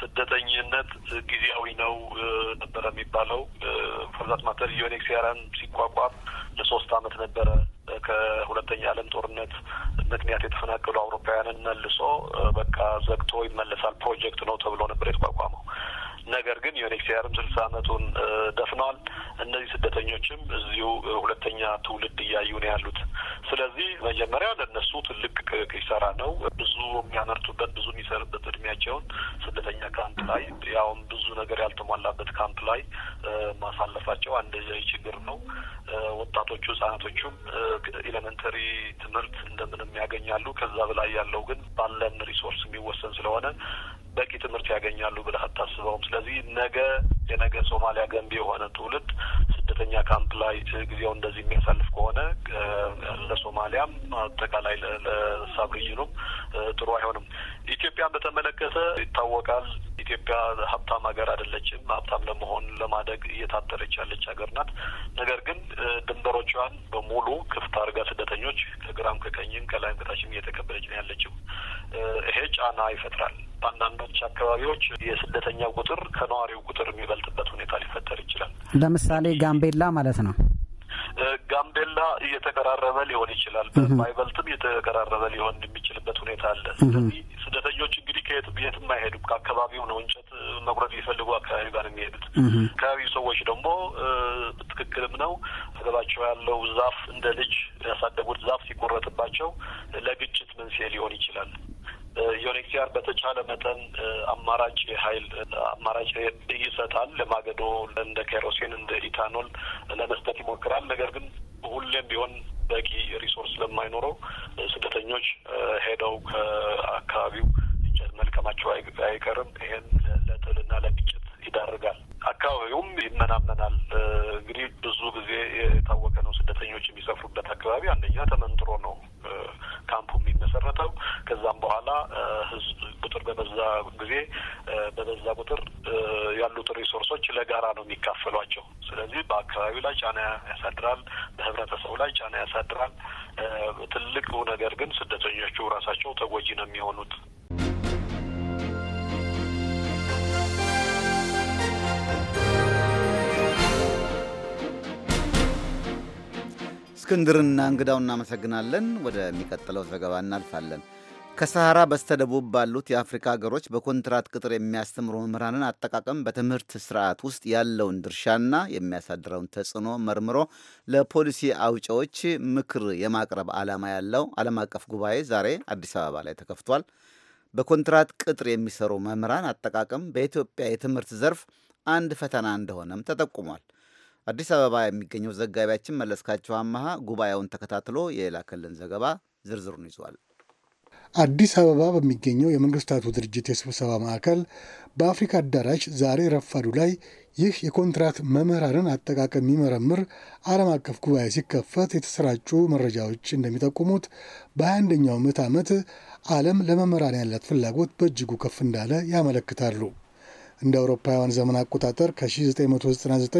ስደተኝነት ጊዜያዊ ነው ነበረ የሚባለው። ፎርዛት ማተር ዩኤንኤችሲአርን ሲቋቋም ለሶስት አመት ነበረ ከሁለተኛ ዓለም ጦርነት ምክንያት የተፈናቀሉ አውሮፓውያንን መልሶ በቃ ዘግቶ ይመለሳል ፕሮጀክት ነው ተብሎ ነበር የተቋቋመው። ነገር ግን ዩኤንኤችሲአርም ስልሳ ዓመቱን ደፍነዋል። እነዚህ ስደተኞችም እዚሁ ሁለተኛ ትውልድ እያዩ ነው ያሉት። ስለዚህ መጀመሪያ ለእነሱ ትልቅ ኪሳራ ነው። ብዙ የሚያመርቱበት ብዙ የሚሰሩበት እድሜያቸውን ስደተኛ ካምፕ ላይ ያውም ብዙ ነገር ያልተሟላበት ካምፕ ላይ ማሳለፋቸው አንድ ችግር ነው። ወጣቶቹ ህጻናቶቹም ኤሌመንተሪ ትምህርት እንደምንም ያገኛሉ። ከዛ በላይ ያለው ግን ባለን ሪሶርስ የሚወሰን ስለሆነ በቂ ትምህርት ያገኛሉ ብለህ አታስበውም። ስለዚህ ነገ የነገ ሶማሊያ ገንቢ የሆነ ትውልድ ስደተኛ ካምፕ ላይ ጊዜው እንደዚህ የሚያሳልፍ ከሆነ ለሶማሊያም አጠቃላይ ለሳብሪጅኑም ጥሩ አይሆንም። ኢትዮጵያን በተመለከተ ይታወቃል ኢትዮጵያ ሀብታም ሀገር አይደለችም። ሀብታም ለመሆን ለማደግ እየታጠረች ያለች ሀገር ናት። ነገር ግን ድንበሮቿን በሙሉ ክፍት አድርጋ ስደተኞች ከግራም ከቀኝም ከላይም ከታችም እየተቀበለች ነው ያለችው። ይሄ ጫና ይፈጥራል። በአንዳንዶች አካባቢዎች የስደተኛ ቁጥር ከነዋሪው ቁጥር የሚበልጥበት ሁኔታ ሊፈጠር ይችላል። ለምሳሌ ጋምቤላ ማለት ነው። ጋምቤላ እየተቀራረበ ሊሆን ይችላል፣ በማይበልጥም እየተቀራረበ ሊሆን የሚችልበት ሁኔታ አለ። ስለዚህ ስደተኞች እንግዲህ ከየት የትም አይሄዱም። ከአካባቢው ነው እንጨት መቁረጥ የሚፈልጉ አካባቢ ጋር የሚሄዱት። አካባቢው ሰዎች ደግሞ ትክክልም ነው አገባቸው ያለው ዛፍ እንደ ልጅ ያሳ እስክንድርና እንግዳው እናመሰግናለን። ወደሚቀጥለው ዘገባ እናልፋለን። ከሰሃራ በስተደቡብ ባሉት የአፍሪካ ሀገሮች በኮንትራት ቅጥር የሚያስተምሩ መምህራንን አጠቃቀም በትምህርት ስርዓት ውስጥ ያለውን ድርሻና የሚያሳድረውን ተጽዕኖ መርምሮ ለፖሊሲ አውጪዎች ምክር የማቅረብ ዓላማ ያለው ዓለም አቀፍ ጉባኤ ዛሬ አዲስ አበባ ላይ ተከፍቷል። በኮንትራት ቅጥር የሚሰሩ መምህራን አጠቃቀም በኢትዮጵያ የትምህርት ዘርፍ አንድ ፈተና እንደሆነም ተጠቁሟል። አዲስ አበባ የሚገኘው ዘጋቢያችን መለስካቸው አመሃ ጉባኤውን ተከታትሎ የላከልን ዘገባ ዝርዝሩን ይዟል። አዲስ አበባ በሚገኘው የመንግስታቱ ድርጅት የስብሰባ ማዕከል በአፍሪካ አዳራሽ ዛሬ ረፋዱ ላይ ይህ የኮንትራት መምህራንን አጠቃቀም የሚመረምር ዓለም አቀፍ ጉባኤ ሲከፈት የተሰራጩ መረጃዎች እንደሚጠቁሙት በ21ኛው ምዕት ዓመት ዓለም ለመምህራን ያላት ፍላጎት በእጅጉ ከፍ እንዳለ ያመለክታሉ። እንደ አውሮፓውያን ዘመን አቆጣጠር ከ1999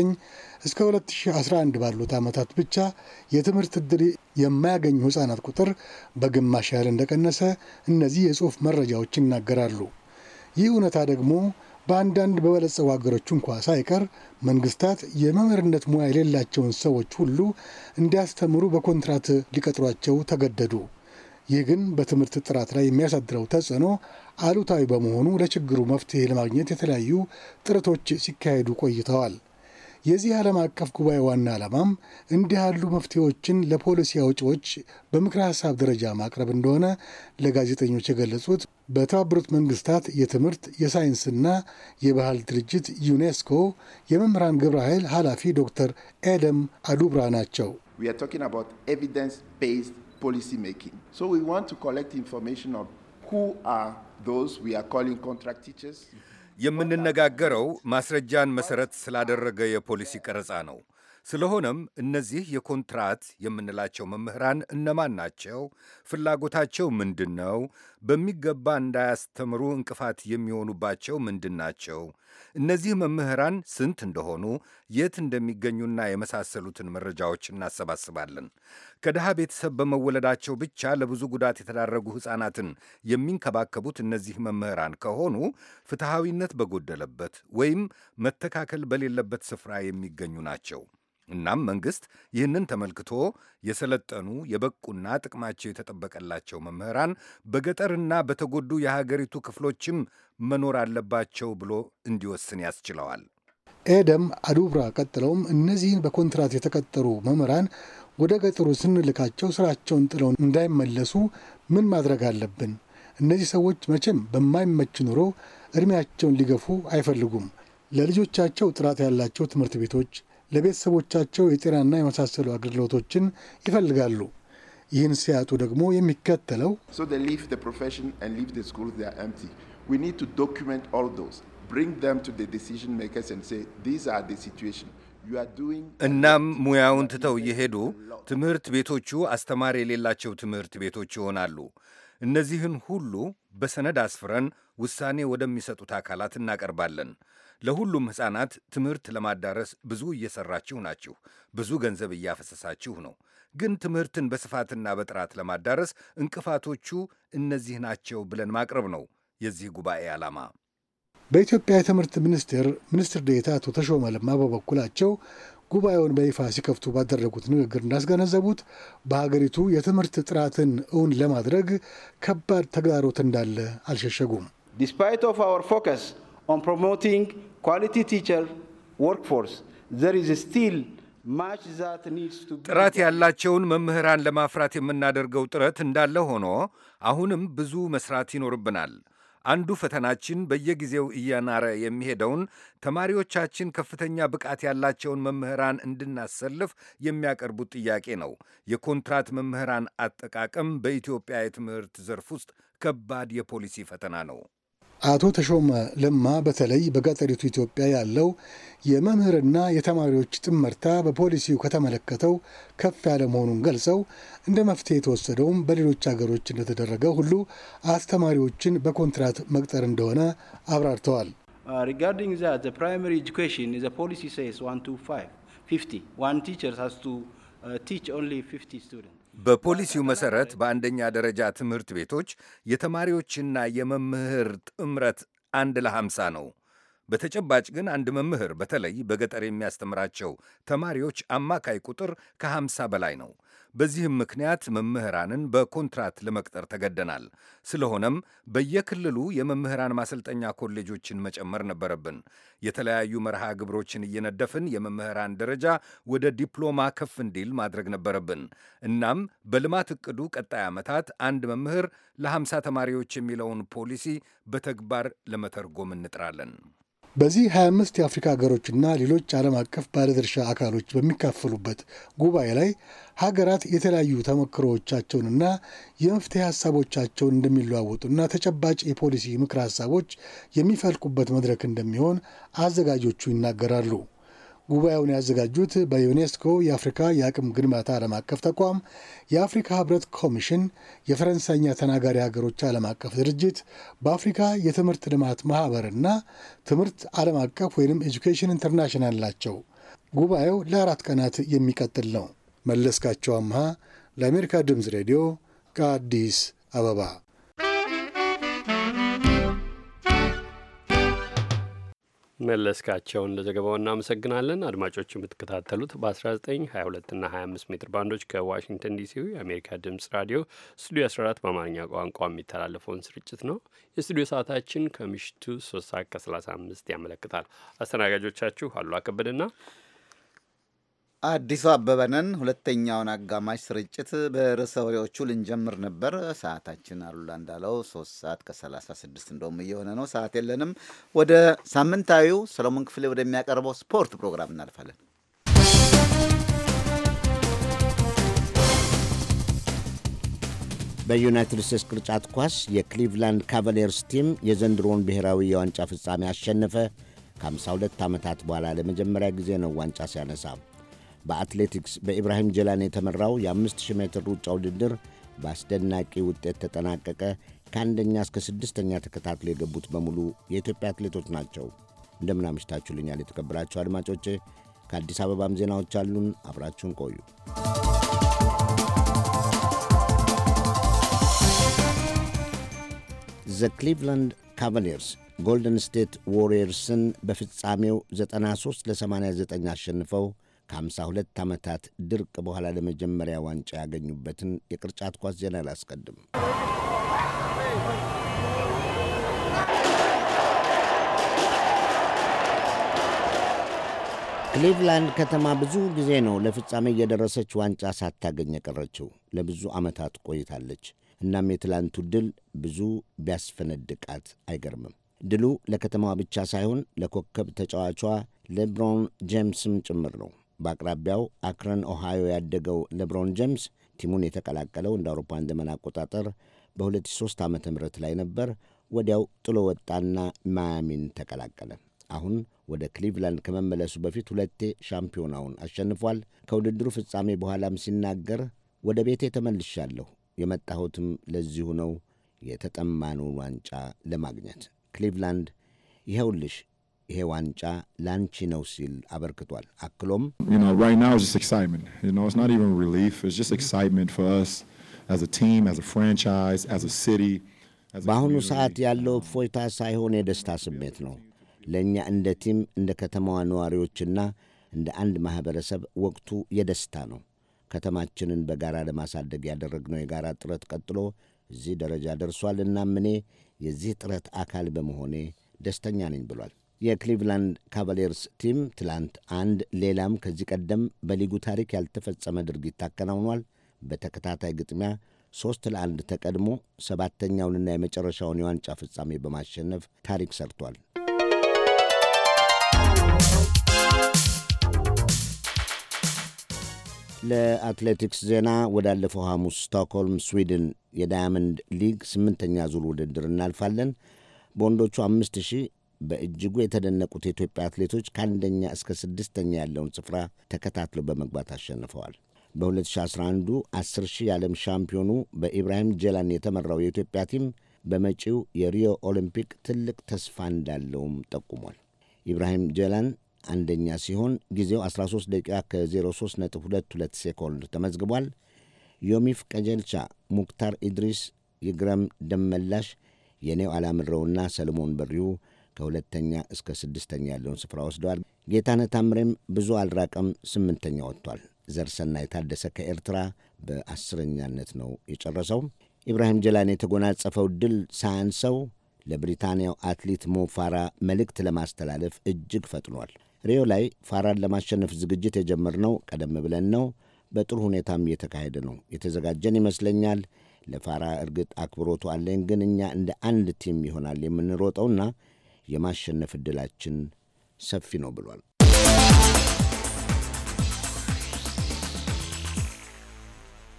እስከ 2011 ባሉት ዓመታት ብቻ የትምህርት ዕድል የማያገኙ ሕፃናት ቁጥር በግማሽ ያህል እንደቀነሰ እነዚህ የጽሑፍ መረጃዎች ይናገራሉ። ይህ እውነታ ደግሞ በአንዳንድ በበለጸጉ ሀገሮቹ እንኳ ሳይቀር መንግስታት የመምህርነት ሙያ የሌላቸውን ሰዎች ሁሉ እንዲያስተምሩ በኮንትራት ሊቀጥሯቸው ተገደዱ። ይህ ግን በትምህርት ጥራት ላይ የሚያሳድረው ተጽዕኖ አሉታዊ በመሆኑ ለችግሩ መፍትሄ ለማግኘት የተለያዩ ጥረቶች ሲካሄዱ ቆይተዋል። የዚህ ዓለም አቀፍ ጉባኤ ዋና ዓላማም እንዲህ ያሉ መፍትሄዎችን ለፖሊሲ አውጪዎች በምክረ ሀሳብ ደረጃ ማቅረብ እንደሆነ ለጋዜጠኞች የገለጹት በተባበሩት መንግስታት የትምህርት የሳይንስና የባህል ድርጅት ዩኔስኮ የመምህራን ግብረ ኃይል ኃላፊ ዶክተር ኤደም አዱብራ ናቸው። policy making. So we want to collect information on who are those we are calling contract teachers. የምንነጋገረው ማስረጃን መሰረት ስላደረገ የፖሊሲ ቀረጻ ነው። ስለሆነም እነዚህ የኮንትራት የምንላቸው መምህራን እነማን ናቸው? ፍላጎታቸው ምንድን ነው? በሚገባ እንዳያስተምሩ እንቅፋት የሚሆኑባቸው ምንድን ናቸው? እነዚህ መምህራን ስንት እንደሆኑ፣ የት እንደሚገኙና የመሳሰሉትን መረጃዎች እናሰባስባለን። ከድሃ ቤተሰብ በመወለዳቸው ብቻ ለብዙ ጉዳት የተዳረጉ ሕፃናትን የሚንከባከቡት እነዚህ መምህራን ከሆኑ ፍትሐዊነት በጎደለበት ወይም መተካከል በሌለበት ስፍራ የሚገኙ ናቸው። እናም መንግሥት ይህንን ተመልክቶ የሰለጠኑ የበቁና ጥቅማቸው የተጠበቀላቸው መምህራን በገጠርና በተጎዱ የሀገሪቱ ክፍሎችም መኖር አለባቸው ብሎ እንዲወስን ያስችለዋል። ኤደም አዱብራ ቀጥለውም እነዚህን በኮንትራት የተቀጠሩ መምህራን ወደ ገጠሩ ስንልካቸው ስራቸውን ጥለው እንዳይመለሱ ምን ማድረግ አለብን? እነዚህ ሰዎች መቼም በማይመች ኑሮ እድሜያቸውን ሊገፉ አይፈልጉም። ለልጆቻቸው ጥራት ያላቸው ትምህርት ቤቶች ለቤተሰቦቻቸው የጤናና የመሳሰሉ አገልግሎቶችን ይፈልጋሉ። ይህን ሲያጡ ደግሞ የሚከተለው እናም ሙያውን ትተው እየሄዱ ትምህርት ቤቶቹ አስተማሪ የሌላቸው ትምህርት ቤቶች ይሆናሉ። እነዚህን ሁሉ በሰነድ አስፍረን ውሳኔ ወደሚሰጡት አካላት እናቀርባለን። ለሁሉም ሕፃናት ትምህርት ለማዳረስ ብዙ እየሰራችሁ ናችሁ፣ ብዙ ገንዘብ እያፈሰሳችሁ ነው። ግን ትምህርትን በስፋትና በጥራት ለማዳረስ እንቅፋቶቹ እነዚህ ናቸው ብለን ማቅረብ ነው የዚህ ጉባኤ ዓላማ። በኢትዮጵያ የትምህርት ሚኒስቴር ሚኒስትር ዴኤታ አቶ ተሾመ ለማ በበኩላቸው ጉባኤውን በይፋ ሲከፍቱ ባደረጉት ንግግር እንዳስገነዘቡት በሀገሪቱ የትምህርት ጥራትን እውን ለማድረግ ከባድ ተግዳሮት እንዳለ አልሸሸጉም። ዲስፓይት ኦፍ አወር ፎከስ ኦን ፕሮሞቲንግ ኳሊቲ ቲቸር ወርክፎርስ ዘር ኢዝ ስቲል ጥራት ያላቸውን መምህራን ለማፍራት የምናደርገው ጥረት እንዳለ ሆኖ አሁንም ብዙ መስራት ይኖርብናል። አንዱ ፈተናችን በየጊዜው እየናረ የሚሄደውን ተማሪዎቻችን ከፍተኛ ብቃት ያላቸውን መምህራን እንድናሰልፍ የሚያቀርቡት ጥያቄ ነው። የኮንትራት መምህራን አጠቃቀም በኢትዮጵያ የትምህርት ዘርፍ ውስጥ ከባድ የፖሊሲ ፈተና ነው። አቶ ተሾመ ለማ በተለይ በገጠሪቱ ኢትዮጵያ ያለው የመምህርና የተማሪዎች ጥመርታ በፖሊሲው ከተመለከተው ከፍ ያለ መሆኑን ገልጸው እንደ መፍትሄ የተወሰደውም በሌሎች ሀገሮች እንደተደረገ ሁሉ አስተማሪዎችን በኮንትራት መቅጠር እንደሆነ አብራርተዋል። ሪጋርዲንግ ዘ ፕራይመሪ ኤጁኬሽን ዘ ፖሊሲ ሴይዝ ዋን ቱ ፋይቭ ፊፍቲ ዋን ቲቸር ቱ ቲች ኦንሊ ፊፍቲ ስቱደንት በፖሊሲው መሰረት በአንደኛ ደረጃ ትምህርት ቤቶች የተማሪዎችና የመምህር ጥምረት አንድ ለሃምሳ ነው። በተጨባጭ ግን አንድ መምህር በተለይ በገጠር የሚያስተምራቸው ተማሪዎች አማካይ ቁጥር ከሃምሳ በላይ ነው። በዚህም ምክንያት መምህራንን በኮንትራት ለመቅጠር ተገደናል። ስለሆነም በየክልሉ የመምህራን ማሰልጠኛ ኮሌጆችን መጨመር ነበረብን። የተለያዩ መርሃ ግብሮችን እየነደፍን የመምህራን ደረጃ ወደ ዲፕሎማ ከፍ እንዲል ማድረግ ነበረብን። እናም በልማት እቅዱ ቀጣይ ዓመታት አንድ መምህር ለ50 ተማሪዎች የሚለውን ፖሊሲ በተግባር ለመተርጎም እንጥራለን። በዚህ 25 የአፍሪካ ሀገሮችና ሌሎች ዓለም አቀፍ ባለድርሻ አካሎች በሚካፈሉበት ጉባኤ ላይ ሀገራት የተለያዩ ተሞክሮዎቻቸውንና የመፍትሄ ሀሳቦቻቸውን እንደሚለዋወጡና ተጨባጭ የፖሊሲ ምክር ሀሳቦች የሚፈልቁበት መድረክ እንደሚሆን አዘጋጆቹ ይናገራሉ። ጉባኤውን ያዘጋጁት በዩኔስኮ የአፍሪካ የአቅም ግንባታ ዓለም አቀፍ ተቋም፣ የአፍሪካ ህብረት ኮሚሽን፣ የፈረንሳይኛ ተናጋሪ ሀገሮች ዓለም አቀፍ ድርጅት፣ በአፍሪካ የትምህርት ልማት ማህበርና ትምህርት ዓለም አቀፍ ወይም ኤጁኬሽን ኢንተርናሽናል ናቸው። ጉባኤው ለአራት ቀናት የሚቀጥል ነው። መለስካቸው አምሃ ለአሜሪካ ድምፅ ሬዲዮ ከአዲስ አበባ መለስካቸውን ለዘገባው እናመሰግናለን። አድማጮች የምትከታተሉት በ1922 እና 25 ሜትር ባንዶች ከዋሽንግተን ዲሲ የአሜሪካ ድምፅ ራዲዮ ስቱዲዮ 14 በአማርኛ ቋንቋ የሚተላለፈውን ስርጭት ነው። የስቱዲዮ ሰዓታችን ከምሽቱ 3 ሰዓት ከ35 ያመለክታል። አስተናጋጆቻችሁ አሉ ከበደና አዲሱ አበበንን ሁለተኛውን አጋማሽ ስርጭት በርዕሰ ወሬዎቹ ልንጀምር ነበር። ሰዓታችን አሉላ እንዳለው ሶስት ሰዓት ከሰላሳ ስድስት እንደውም እየሆነ ነው። ሰዓት የለንም። ወደ ሳምንታዊው ሰለሞን ክፍሌ ወደሚያቀርበው ስፖርት ፕሮግራም እናልፋለን። በዩናይትድ ስቴትስ ቅርጫት ኳስ የክሊቭላንድ ካቫሌርስ ቲም የዘንድሮውን ብሔራዊ የዋንጫ ፍጻሜ አሸነፈ። ከ52 ዓመታት በኋላ ለመጀመሪያ ጊዜ ነው ዋንጫ ሲያነሳ። በአትሌቲክስ በኢብራሂም ጀላን የተመራው የ5000 ሜትር ሩጫ ውድድር በአስደናቂ ውጤት ተጠናቀቀ። ከአንደኛ እስከ ስድስተኛ ተከታትሎ የገቡት በሙሉ የኢትዮጵያ አትሌቶች ናቸው። እንደምን አምሽታችሁልኛል የተከበራችሁ አድማጮቼ። ከአዲስ አበባም ዜናዎች አሉን። አብራችሁን ቆዩ። ዘ ክሊቭላንድ ካቫሊየርስ ጎልደን ስቴት ዎሪየርስን በፍጻሜው 93 ለ89 አሸንፈው ከ52 ዓመታት ድርቅ በኋላ ለመጀመሪያ ዋንጫ ያገኙበትን የቅርጫት ኳስ ዜና ላስቀድም። ክሊቭላንድ ከተማ ብዙ ጊዜ ነው ለፍጻሜ እየደረሰች ዋንጫ ሳታገኝ የቀረችው። ለብዙ ዓመታት ቆይታለች። እናም የትላንቱ ድል ብዙ ቢያስፈነድቃት አይገርምም። ድሉ ለከተማዋ ብቻ ሳይሆን ለኮከብ ተጫዋቿ ሌብሮን ጄምስም ጭምር ነው። በአቅራቢያው አክረን ኦሃዮ ያደገው ለብሮን ጄምስ ቲሙን የተቀላቀለው እንደ አውሮፓን ዘመን አቆጣጠር በ2003 ዓ ም ላይ ነበር። ወዲያው ጥሎ ወጣና ማያሚን ተቀላቀለ። አሁን ወደ ክሊቭላንድ ከመመለሱ በፊት ሁለቴ ሻምፒዮናውን አሸንፏል። ከውድድሩ ፍጻሜ በኋላም ሲናገር ወደ ቤቴ ተመልሻለሁ፣ የመጣሁትም ለዚሁ ነው፣ የተጠማኑን ዋንጫ ለማግኘት ክሊቭላንድ ይኸውልሽ ይሄ ዋንጫ ላንቺ ነው ሲል አበርክቷል። አክሎም በአሁኑ ሰዓት ያለው እፎይታ ሳይሆን የደስታ ስሜት ነው። ለእኛ እንደ ቲም፣ እንደ ከተማዋ ነዋሪዎችና እንደ አንድ ማኅበረሰብ ወቅቱ የደስታ ነው። ከተማችንን በጋራ ለማሳደግ ያደረግነው የጋራ ጥረት ቀጥሎ እዚህ ደረጃ ደርሷል። እናም እኔ የዚህ ጥረት አካል በመሆኔ ደስተኛ ነኝ ብሏል። የክሊቭላንድ ካቫሌርስ ቲም ትላንት አንድ ሌላም ከዚህ ቀደም በሊጉ ታሪክ ያልተፈጸመ ድርጊት ታከናውኗል። በተከታታይ ግጥሚያ ሦስት ለአንድ ተቀድሞ ሰባተኛውንና የመጨረሻውን የዋንጫ ፍጻሜ በማሸነፍ ታሪክ ሰርቷል። ለአትሌቲክስ ዜና ወዳለፈው ሐሙስ ስቶክሆልም ስዊድን የዳያመንድ ሊግ ስምንተኛ ዙር ውድድር እናልፋለን። በወንዶቹ አምስት ሺህ በእጅጉ የተደነቁት የኢትዮጵያ አትሌቶች ከአንደኛ እስከ ስድስተኛ ያለውን ስፍራ ተከታትለው በመግባት አሸንፈዋል። በ2011 10 ሺህ የዓለም ሻምፒዮኑ በኢብራሂም ጀላን የተመራው የኢትዮጵያ ቲም በመጪው የሪዮ ኦሊምፒክ ትልቅ ተስፋ እንዳለውም ጠቁሟል። ኢብራሂም ጀላን አንደኛ ሲሆን ጊዜው 13 ደቂቃ ከ03.22 ሴኮንድ ተመዝግቧል። ዮሚፍ ቀጀልቻ፣ ሙክታር ኢድሪስ፣ ይግረም ደመላሽ፣ የኔው አላምረውና ሰለሞን በሪሁ ከሁለተኛ እስከ ስድስተኛ ያለውን ስፍራ ወስደዋል። ጌታነ ታምሬም ብዙ አልራቀም፣ ስምንተኛ ወጥቷል። ዘርሰና የታደሰ ከኤርትራ በአስረኛነት ነው የጨረሰው። ኢብራሂም ጀላን የተጎናጸፈው ድል ሳያንሰው ለብሪታንያው አትሌት ሞ ፋራ መልእክት ለማስተላለፍ እጅግ ፈጥኗል። ሪዮ ላይ ፋራን ለማሸነፍ ዝግጅት የጀመርነው ቀደም ብለን ነው። በጥሩ ሁኔታም እየተካሄደ ነው። የተዘጋጀን ይመስለኛል። ለፋራ እርግጥ አክብሮቱ አለን ግን እኛ እንደ አንድ ቲም ይሆናል የምንሮጠውና የማሸነፍ ዕድላችን ሰፊ ነው ብሏል።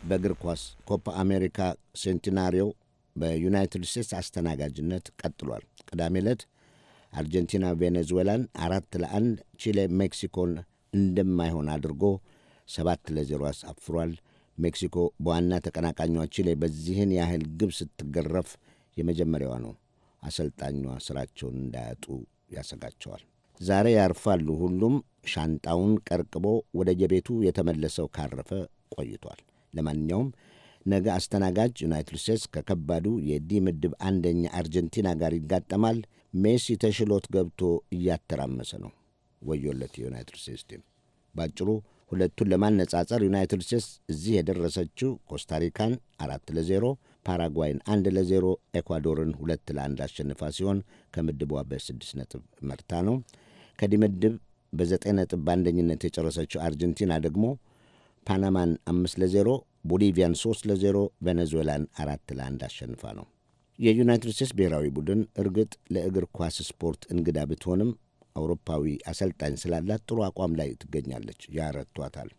በእግር ኳስ ኮፓ አሜሪካ ሴንቲናሪዮ በዩናይትድ ስቴትስ አስተናጋጅነት ቀጥሏል። ቅዳሜ ዕለት አርጀንቲና ቬኔዙዌላን አራት ለአንድ፣ ቺሌ ሜክሲኮን እንደማይሆን አድርጎ ሰባት ለዜሮ አሳፍሯል። ሜክሲኮ በዋና ተቀናቃኟ ቺሌ በዚህን ያህል ግብ ስትገረፍ የመጀመሪያዋ ነው። አሰልጣኟ ስራቸውን እንዳያጡ ያሰጋቸዋል። ዛሬ ያርፋሉ። ሁሉም ሻንጣውን ቀርቅቦ ወደ የቤቱ የተመለሰው ካረፈ ቆይቷል። ለማንኛውም ነገ አስተናጋጅ ዩናይትድ ስቴትስ ከከባዱ የዲ ምድብ አንደኛ አርጀንቲና ጋር ይጋጠማል። ሜሲ ተሽሎት ገብቶ እያተራመሰ ነው። ወዮለት የዩናይትድ ስቴትስ ቲም። ባጭሩ ሁለቱን ለማነጻጸር ዩናይትድ ስቴትስ እዚህ የደረሰችው ኮስታሪካን አራት ለዜሮ ፓራጓይን አንድ ለዜሮ ኤኳዶርን ሁለት ለአንድ አሸንፋ ሲሆን ከምድቧ በስድስት ነጥብ መርታ ነው። ከዲ ምድብ በዘጠኝ ነጥብ በአንደኝነት የጨረሰችው አርጀንቲና ደግሞ ፓናማን አምስት ለዜሮ ቦሊቪያን ሶስት ለዜሮ ቬኔዙዌላን አራት ለአንድ አሸንፋ ነው። የዩናይትድ ስቴትስ ብሔራዊ ቡድን እርግጥ ለእግር ኳስ ስፖርት እንግዳ ብትሆንም አውሮፓዊ አሰልጣኝ ስላላት ጥሩ አቋም ላይ ትገኛለች። ያረቷታል።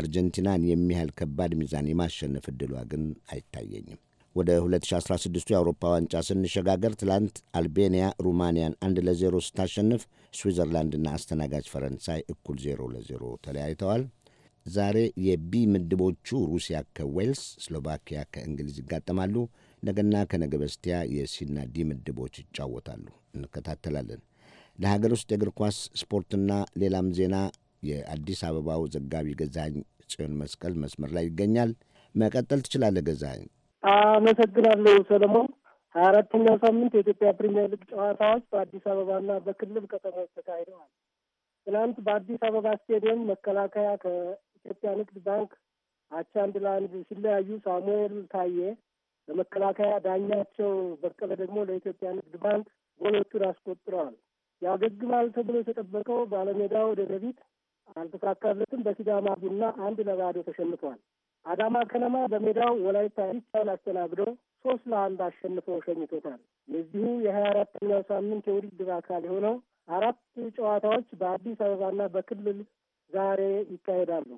አርጀንቲናን የሚያህል ከባድ ሚዛን የማሸነፍ ዕድሏ ግን አይታየኝም። ወደ 2016 የአውሮፓ ዋንጫ ስንሸጋገር ትላንት አልቤኒያ ሩማንያን አንድ ለዜሮ ስታሸንፍ ስዊዘርላንድና አስተናጋጅ ፈረንሳይ እኩል ዜሮ ለዜሮ ተለያይተዋል። ዛሬ የቢ ምድቦቹ ሩሲያ ከዌልስ፣ ስሎቫኪያ ከእንግሊዝ ይጋጠማሉ። ነገና ከነገ በስቲያ የሲና ዲ ምድቦች ይጫወታሉ። እንከታተላለን። ለሀገር ውስጥ የእግር ኳስ ስፖርትና ሌላም ዜና የአዲስ አበባው ዘጋቢ ገዛኝ ጽዮን መስቀል መስመር ላይ ይገኛል። መቀጠል ትችላለህ ገዛኝ። አመሰግናለሁ ሰለሞን። ሀያ አራተኛው ሳምንት የኢትዮጵያ ፕሪሚየር ሊግ ጨዋታዎች በአዲስ አበባና በክልል ከተሞች ተካሂደዋል። ትናንት በአዲስ አበባ ስቴዲየም መከላከያ ከኢትዮጵያ ንግድ ባንክ አቻ አንድ ለአንድ ሲለያዩ ሳሙኤል ታዬ ለመከላከያ፣ ዳኛቸው በቀለ ደግሞ ለኢትዮጵያ ንግድ ባንክ ጎሎቹን አስቆጥረዋል። ያገግማል ተብሎ የተጠበቀው ባለሜዳው ደደቢት አልተሳካለትም። በሲዳማ ቡና አንድ ለባዶ ተሸንፏል። አዳማ ከነማ በሜዳው ወላይታ ዲቻን አስተናግዶ ሶስት ለአንድ አሸንፎ ሸኝቶታል። የዚሁ የሀያ አራተኛው ሳምንት የውድድር አካል የሆነው አራት ጨዋታዎች በአዲስ አበባና በክልል ዛሬ ይካሄዳሉ።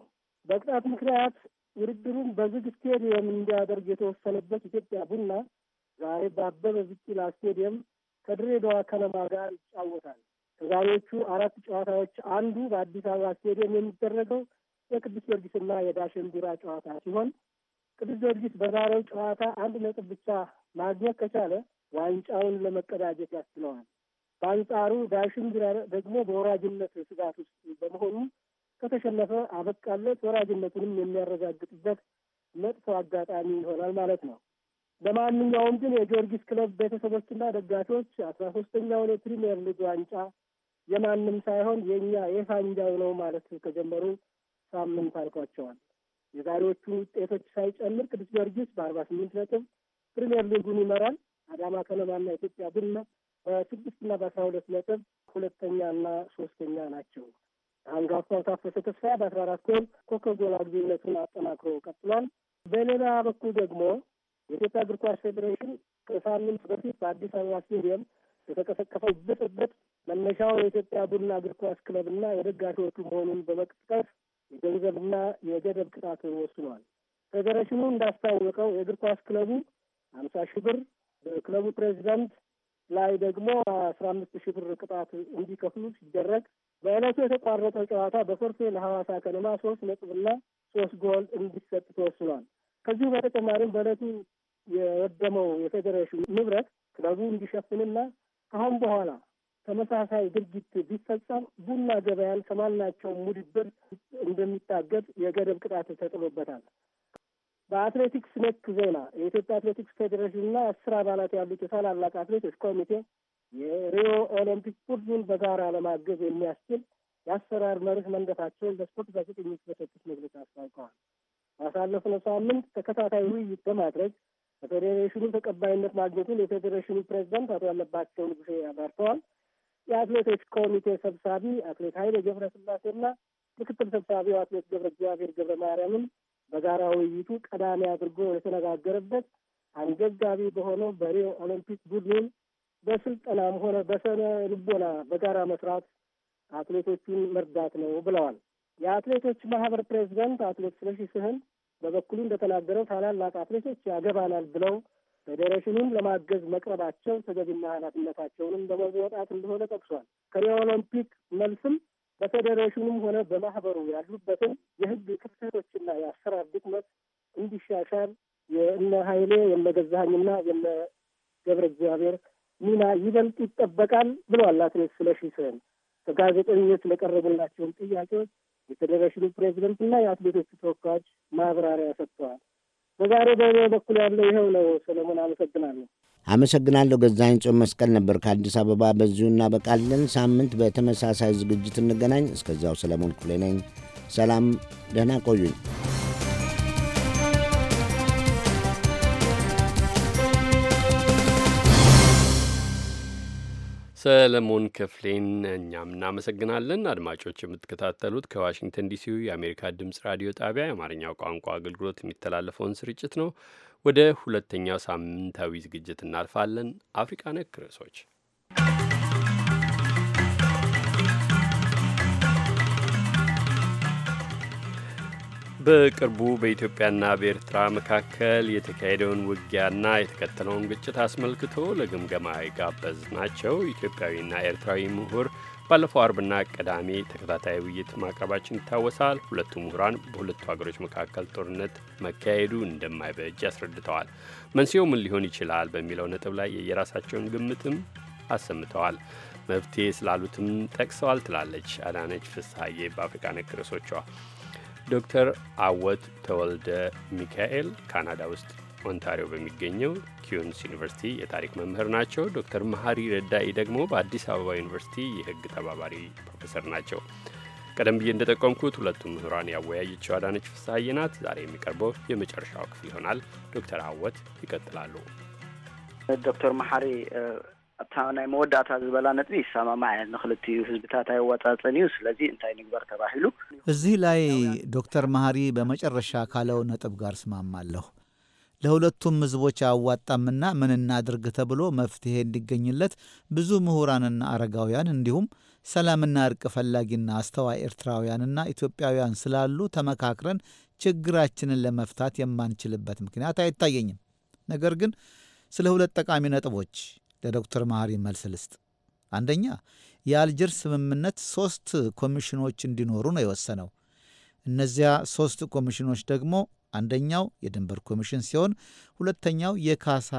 በቅጣት ምክንያት ውድድሩን በዝግ ስቴዲየም እንዲያደርግ የተወሰነበት ኢትዮጵያ ቡና ዛሬ በአበበ ቢቂላ ስቴዲየም ከድሬዳዋ ከነማ ጋር ይጫወታል። ከዛሬዎቹ አራት ጨዋታዎች አንዱ በአዲስ አበባ ስቴዲየም የሚደረገው የቅዱስ ጊዮርጊስና የዳሽን ቢራ ጨዋታ ሲሆን ቅዱስ ጊዮርጊስ በዛሬው ጨዋታ አንድ ነጥብ ብቻ ማግኘት ከቻለ ዋንጫውን ለመቀዳጀት ያስችለዋል። በአንጻሩ ዳሽን ቢራ ደግሞ በወራጅነት ስጋት ውስጥ በመሆኑ ከተሸነፈ አበቃለት፣ ወራጅነቱንም የሚያረጋግጥበት መጥፎ አጋጣሚ ይሆናል ማለት ነው። ለማንኛውም ግን የጊዮርጊስ ክለብ ቤተሰቦችና ደጋፊዎች አስራ ሶስተኛውን የፕሪምየር ሊግ ዋንጫ የማንም ሳይሆን የእኛ የፋንጃው ነው ማለት ከጀመሩ ሳምንት አልቋቸዋል። የዛሬዎቹ ውጤቶች ሳይጨምር ቅዱስ ጊዮርጊስ በአርባ ስምንት ነጥብ ፕሪምየር ሊጉን ይመራል። አዳማ ከነማና ኢትዮጵያ ቡና በስድስትና በአስራ ሁለት ነጥብ ሁለተኛና ሶስተኛ ናቸው። አንጋፋው ታፈሰ ተስፋዬ በአስራ አራት ጎል ኮከብ ጎል አግቢነቱን አጠናክሮ ቀጥሏል። በሌላ በኩል ደግሞ የኢትዮጵያ እግር ኳስ ፌዴሬሽን ከሳምንት በፊት በአዲስ አበባ ስቴዲየም የተቀሰቀሰው ብጥብጥ መነሻው የኢትዮጵያ ቡና እግር ኳስ ክለብና የደጋፊዎቹ መሆኑን በመጥቀስ የገንዘብና የገደብ ቅጣት ወስኗል። ፌዴሬሽኑ እንዳስታወቀው የእግር ኳስ ክለቡ ሀምሳ ሺህ ብር በክለቡ ፕሬዚዳንት ላይ ደግሞ አስራ አምስት ሺህ ብር ቅጣት እንዲከፍሉ ሲደረግ በዕለቱ የተቋረጠው ጨዋታ በፎርፌ ለሐዋሳ ከነማ ሶስት ነጥብና ሶስት ጎል እንዲሰጥ ተወስኗል። ከዚሁ በተጨማሪም በዕለቱ የወደመው የፌዴሬሽኑ ንብረት ክለቡ እንዲሸፍንና ከአሁን በኋላ ተመሳሳይ ድርጊት ቢፈጸም ቡና ገበያን ከማናቸውም ውድድር እንደሚታገድ የገደብ ቅጣት ተጥሎበታል። በአትሌቲክስ ነክ ዜና የኢትዮጵያ አትሌቲክስ ፌዴሬሽንና አስር አባላት ያሉት የታላላቅ አትሌቶች ኮሚቴ የሪዮ ኦሎምፒክ ቡድኑን በጋራ ለማገዝ የሚያስችል የአሰራር መርህ መንደፋቸውን ለስፖርት ጋዜጠኞች በሰጡት መግለጫ አስታውቀዋል። ባሳለፍነው ሳምንት ተከታታይ ውይይት በማድረግ በፌዴሬሽኑ ተቀባይነት ማግኘቱን የፌዴሬሽኑ ፕሬዚዳንት አቶ ያለባቸው ንጉሴ አብራርተዋል። የአትሌቶች ኮሚቴ ሰብሳቢ አትሌት ኃይሌ ገብረ ስላሴና ምክትል ሰብሳቢው አትሌት ገብረ እግዚአብሔር ገብረ ማርያምን በጋራ ውይይቱ ቀዳሚ አድርጎ የተነጋገረበት አንገብጋቢ በሆነው በሪዮ ኦሎምፒክ ቡድኑን በስልጠናም ሆነ በሰነ ልቦና በጋራ መስራት አትሌቶቹን መርዳት ነው ብለዋል። የአትሌቶች ማህበር ፕሬዚደንት አትሌት ስለሺ ስህን በበኩሉ እንደተናገረው ታላላቅ አትሌቶች ያገባናል ብለው ፌዴሬሽኑን ለማገዝ መቅረባቸው ተገቢና ኃላፊነታቸውንም ለመወጣት እንደሆነ ጠቅሷል። ከሪዮ ኦሎምፒክ መልስም በፌዴሬሽኑም ሆነ በማህበሩ ያሉበትን የህግ ክፍተቶችና የአሰራር ድክመት እንዲሻሻል የእነ ሀይሌ የነ ገዛሀኝና የነ ገብረ እግዚአብሔር ሚና ይበልጥ ይጠበቃል ብለዋል። አትሌት ስለሺ ስህን ለቀረቡላቸውን ጥያቄዎች የፌዴሬሽኑ ፕሬዚደንትና የአትሌቶቹ ተወካዮች ማብራሪያ ሰጥተዋል። በዛሬ በእኔ በኩል ያለው ይኸው ነው። ሰለሞን አመሰግናለሁ። አመሰግናለሁ። ገዛኝ ጾም መስቀል ነበር ከአዲስ አበባ። በዚሁ እናበቃለን። ሳምንት በተመሳሳይ ዝግጅት እንገናኝ። እስከዚያው ሰለሞን ክፍሌ ነኝ። ሰላም፣ ደህና ቆዩኝ። ሰለሞን ክፍሌን እኛም እናመሰግናለን። አድማጮች የምትከታተሉት ከዋሽንግተን ዲሲው የአሜሪካ ድምፅ ራዲዮ ጣቢያ የአማርኛው ቋንቋ አገልግሎት የሚተላለፈውን ስርጭት ነው። ወደ ሁለተኛው ሳምንታዊ ዝግጅት እናልፋለን። አፍሪቃ ነክ ርዕሶች በቅርቡ በኢትዮጵያና በኤርትራ መካከል የተካሄደውን ውጊያና የተከተለውን ግጭት አስመልክቶ ለግምገማ የጋበዝ ናቸው ኢትዮጵያዊና ኤርትራዊ ምሁር ባለፈው አርብና ቅዳሜ ተከታታይ ውይይት ማቅረባችን ይታወሳል። ሁለቱ ምሁራን በሁለቱ ሀገሮች መካከል ጦርነት መካሄዱ እንደማይበጅ አስረድተዋል። መንስኤው ምን ሊሆን ይችላል በሚለው ነጥብ ላይ የየራሳቸውን ግምትም አሰምተዋል። መፍትሄ ስላሉትም ጠቅሰዋል ትላለች አዳነች ፍስሀዬ በአፍሪካ ነክ ርዕሶቿ። ዶክተር አወት ተወልደ ሚካኤል ካናዳ ውስጥ ኦንታሪዮ በሚገኘው ኪዩንስ ዩኒቨርሲቲ የታሪክ መምህር ናቸው። ዶክተር መሀሪ ረዳኢ ደግሞ በአዲስ አበባ ዩኒቨርሲቲ የሕግ ተባባሪ ፕሮፌሰር ናቸው። ቀደም ብዬ እንደጠቆምኩት ሁለቱም ምሁራን ያወያየችው አዳነች ፍስሐዬ ናት። ዛሬ የሚቀርበው የመጨረሻው ክፍል ይሆናል። ዶክተር አወት ይቀጥላሉ። ዶክተር መሐሪ ኣብታ ናይ መወዳእታ ዝበላ ነጥቢ ይሰማማ ዓይነት ንክልትዩ ህዝብታት ኣይወፃፀን እዩ ስለዚ እንታይ ንግበር ተባሂሉ እዚ ላይ ዶክተር መሃሪ በመጨረሻ ካለው ነጥብ ጋር ስማማ ኣለሁ። ለሁለቱም ህዝቦች አያዋጣምና ምን እናድርግ ተብሎ መፍትሄ እንዲገኝለት ብዙ ምሁራንና አረጋውያን እንዲሁም ሰላምና እርቅ ፈላጊና አስተዋይ ኤርትራውያንና ኢትዮጵያውያን ስላሉ ተመካክረን ችግራችንን ለመፍታት የማንችልበት ምክንያት አይታየኝም። ነገር ግን ስለ ሁለት ጠቃሚ ነጥቦች ለዶክተር መሐሪ መልስ ልስጥ። አንደኛ የአልጅር ስምምነት ሦስት ኮሚሽኖች እንዲኖሩ ነው የወሰነው። እነዚያ ሦስት ኮሚሽኖች ደግሞ አንደኛው የድንበር ኮሚሽን ሲሆን፣ ሁለተኛው የካሳ፣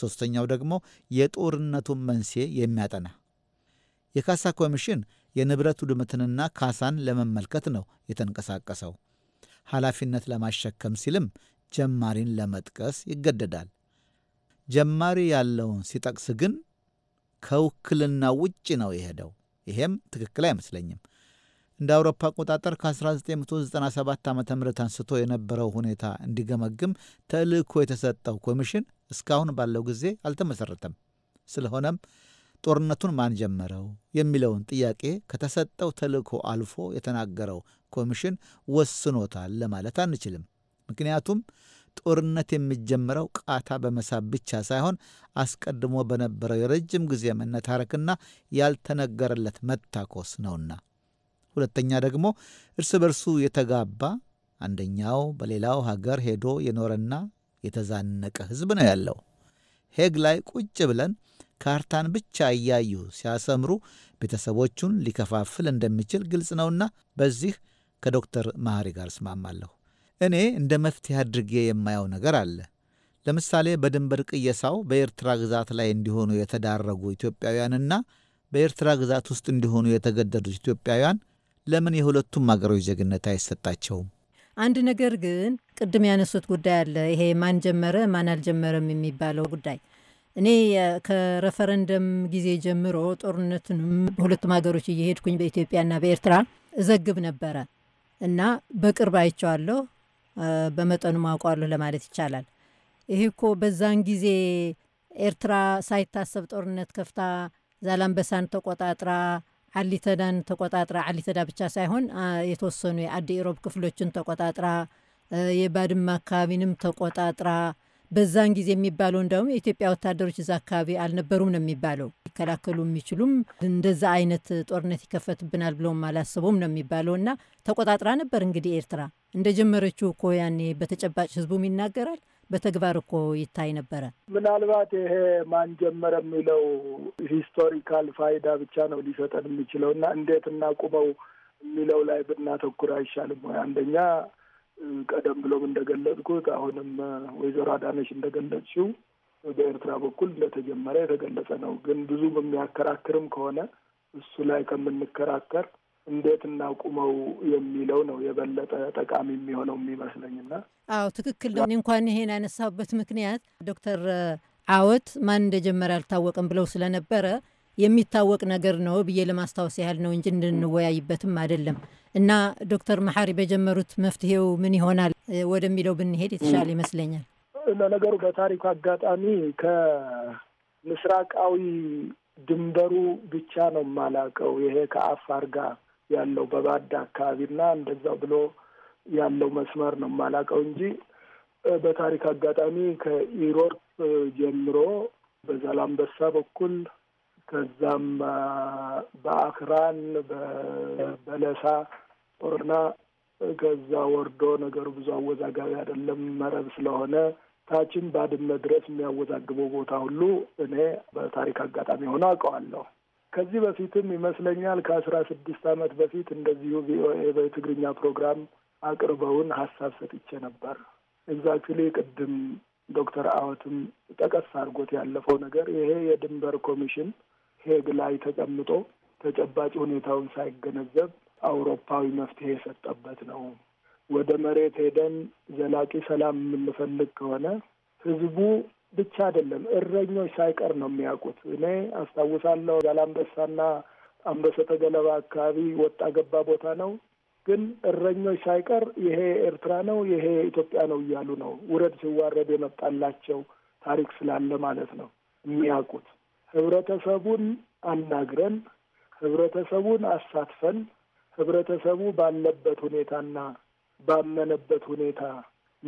ሦስተኛው ደግሞ የጦርነቱን መንስኤ የሚያጠና የካሳ ኮሚሽን የንብረት ውድመትንና ካሳን ለመመልከት ነው የተንቀሳቀሰው። ኃላፊነት ለማሸከም ሲልም ጀማሪን ለመጥቀስ ይገደዳል። ጀማሪ ያለውን ሲጠቅስ ግን ከውክልና ውጭ ነው የሄደው። ይሄም ትክክል አይመስለኝም። እንደ አውሮፓ አቆጣጠር ከ1997 ዓ ም አንስቶ የነበረው ሁኔታ እንዲገመግም ተልእኮ የተሰጠው ኮሚሽን እስካሁን ባለው ጊዜ አልተመሰረተም። ስለሆነም ጦርነቱን ማን ጀመረው የሚለውን ጥያቄ ከተሰጠው ተልእኮ አልፎ የተናገረው ኮሚሽን ወስኖታል ለማለት አንችልም። ምክንያቱም ጦርነት የሚጀምረው ቃታ በመሳብ ብቻ ሳይሆን አስቀድሞ በነበረው የረጅም ጊዜ መነታረክና ያልተነገረለት መታኮስ ነውና፣ ሁለተኛ ደግሞ እርስ በርሱ የተጋባ አንደኛው በሌላው ሀገር ሄዶ የኖረና የተዛነቀ ሕዝብ ነው ያለው። ሄግ ላይ ቁጭ ብለን ካርታን ብቻ እያዩ ሲያሰምሩ ቤተሰቦቹን ሊከፋፍል እንደሚችል ግልጽ ነውና በዚህ ከዶክተር መሐሪ ጋር እስማማለሁ። እኔ እንደ መፍትሄ አድርጌ የማየው ነገር አለ። ለምሳሌ በድንበር ቅየሳው በኤርትራ ግዛት ላይ እንዲሆኑ የተዳረጉ ኢትዮጵያውያንና በኤርትራ ግዛት ውስጥ እንዲሆኑ የተገደዱት ኢትዮጵያውያን ለምን የሁለቱም አገሮች ዜግነት አይሰጣቸውም? አንድ ነገር ግን ቅድም ያነሱት ጉዳይ አለ። ይሄ ማን ጀመረ ማን አልጀመረም የሚባለው ጉዳይ እኔ ከረፈረንደም ጊዜ ጀምሮ ጦርነትንም ሁለቱም ሀገሮች እየሄድኩኝ በኢትዮጵያና በኤርትራ እዘግብ ነበረ እና በቅርብ አይቸዋለሁ። በመጠኑ ማውቀዋለሁ ለማለት ይቻላል። ይሄ እኮ በዛን ጊዜ ኤርትራ ሳይታሰብ ጦርነት ከፍታ ዛላምበሳን ተቆጣጥራ ዓሊተዳን ተቆጣጥራ ዓሊተዳ ብቻ ሳይሆን የተወሰኑ የአዲ ኢሮብ ክፍሎችን ተቆጣጥራ የባድማ አካባቢንም ተቆጣጥራ በዛን ጊዜ የሚባለው እንደውም የኢትዮጵያ ወታደሮች እዛ አካባቢ አልነበሩም ነው የሚባለው። ሊከላከሉ የሚችሉም እንደዛ አይነት ጦርነት ይከፈትብናል ብለውም አላስቡም ነው የሚባለው እና ተቆጣጥራ ነበር እንግዲህ ኤርትራ እንደጀመረችው እኮ ያኔ በተጨባጭ ህዝቡም ይናገራል በተግባር እኮ ይታይ ነበረ። ምናልባት ይሄ ማን ጀመረ የሚለው ሂስቶሪካል ፋይዳ ብቻ ነው ሊሰጠን የሚችለው እና እንዴት እናቁመው የሚለው ላይ ብናተኩር አይሻልም ወይ? አንደኛ ቀደም ብሎም እንደገለጽኩት አሁንም ወይዘሮ አዳነሽ እንደገለጽሽው በኤርትራ በኩል እንደተጀመረ የተገለጸ ነው። ግን ብዙም የሚያከራክርም ከሆነ እሱ ላይ ከምንከራከር እንዴት እናቁመው የሚለው ነው የበለጠ ጠቃሚ የሚሆነው የሚመስለኝና። አዎ ትክክል ነው። እንኳን ይሄን ያነሳሁበት ምክንያት ዶክተር አወት ማን እንደጀመረ አልታወቅም ብለው ስለነበረ የሚታወቅ ነገር ነው ብዬ ለማስታወስ ያህል ነው እንጂ እንድንወያይበትም አይደለም። እና ዶክተር መሐሪ በጀመሩት መፍትሄው ምን ይሆናል ወደሚለው ብንሄድ የተሻለ ይመስለኛል። ለነገሩ በታሪኩ አጋጣሚ ከምስራቃዊ ድንበሩ ብቻ ነው የማላውቀው። ይሄ ከአፋር ጋር ያለው በባዳ አካባቢና እንደዛ ብሎ ያለው መስመር ነው የማላውቀው እንጂ በታሪክ አጋጣሚ ከኢሮፕ ጀምሮ በዛላምበሳ በኩል ከዛም በአክራን በበለሳ ጦርና ከዛ ወርዶ ነገሩ ብዙ አወዛጋቢ አይደለም። መረብ ስለሆነ ታችን ባድመ ድረስ የሚያወዛግበው ቦታ ሁሉ እኔ በታሪክ አጋጣሚ ሆነ አውቀዋለሁ። ከዚህ በፊትም ይመስለኛል ከአስራ ስድስት ዓመት በፊት እንደዚሁ ቪኦኤ በትግርኛ ፕሮግራም አቅርበውን ሀሳብ ሰጥቼ ነበር። ኤግዛክትሊ ቅድም ዶክተር አወትም ጠቀስ አድርጎት ያለፈው ነገር ይሄ የድንበር ኮሚሽን ሄግ ላይ ተቀምጦ ተጨባጭ ሁኔታውን ሳይገነዘብ አውሮፓዊ መፍትሄ የሰጠበት ነው። ወደ መሬት ሄደን ዘላቂ ሰላም የምንፈልግ ከሆነ ህዝቡ ብቻ አይደለም እረኞች ሳይቀር ነው የሚያውቁት። እኔ አስታውሳለሁ ዛላምበሳና አንበሰተ ገለባ አካባቢ ወጣ ገባ ቦታ ነው። ግን እረኞች ሳይቀር ይሄ ኤርትራ ነው፣ ይሄ ኢትዮጵያ ነው እያሉ ነው ውረድ ሲዋረድ የመጣላቸው ታሪክ ስላለ ማለት ነው የሚያውቁት። ህብረተሰቡን አናግረን ህብረተሰቡን አሳትፈን ህብረተሰቡ ባለበት ሁኔታና ባመነበት ሁኔታ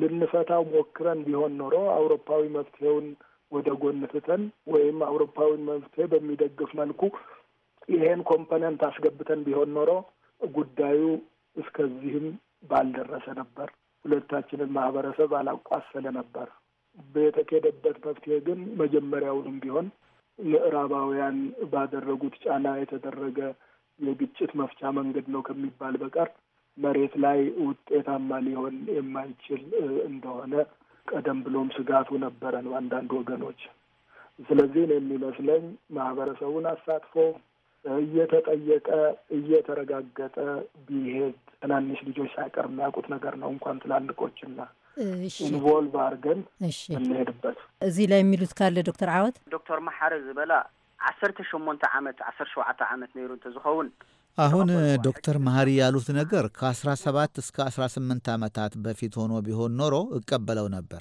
ልንፈታው ሞክረን ቢሆን ኖሮ አውሮፓዊ መፍትሄውን ወደ ጎን ትተን ወይም አውሮፓዊ መፍትሄ በሚደግፍ መልኩ ይሄን ኮምፖነንት አስገብተን ቢሆን ኖሮ ጉዳዩ እስከዚህም ባልደረሰ ነበር። ሁለታችንን ማህበረሰብ አላቋሰለ ነበር። የተካሄደበት መፍትሄ ግን መጀመሪያውንም ቢሆን ምዕራባውያን ባደረጉት ጫና የተደረገ የግጭት መፍቻ መንገድ ነው ከሚባል በቀር መሬት ላይ ውጤታማ ሊሆን የማይችል እንደሆነ ቀደም ብሎም ስጋቱ ነበረ ነው አንዳንድ ወገኖች። ስለዚህ ነው የሚመስለኝ ማህበረሰቡን አሳትፎ እየተጠየቀ እየተረጋገጠ ቢሄድ ትናንሽ ልጆች ሳይቀር የሚያውቁት ነገር ነው እንኳን ትላልቆችና ኢንቮልቭ አድርገን እንሄድበት። እዚህ ላይ የሚሉት ካለ ዶክተር አወት ዶክተር መሓሪ ዝበላ ዓሰርተ ሸሞንተ ዓመት ዓሰርተ ሸውዓተ ዓመት ነይሩ እንተዝኸውን አሁን ዶክተር መሐሪ ያሉት ነገር ከ17 እስከ 18 ዓመታት በፊት ሆኖ ቢሆን ኖሮ እቀበለው ነበር።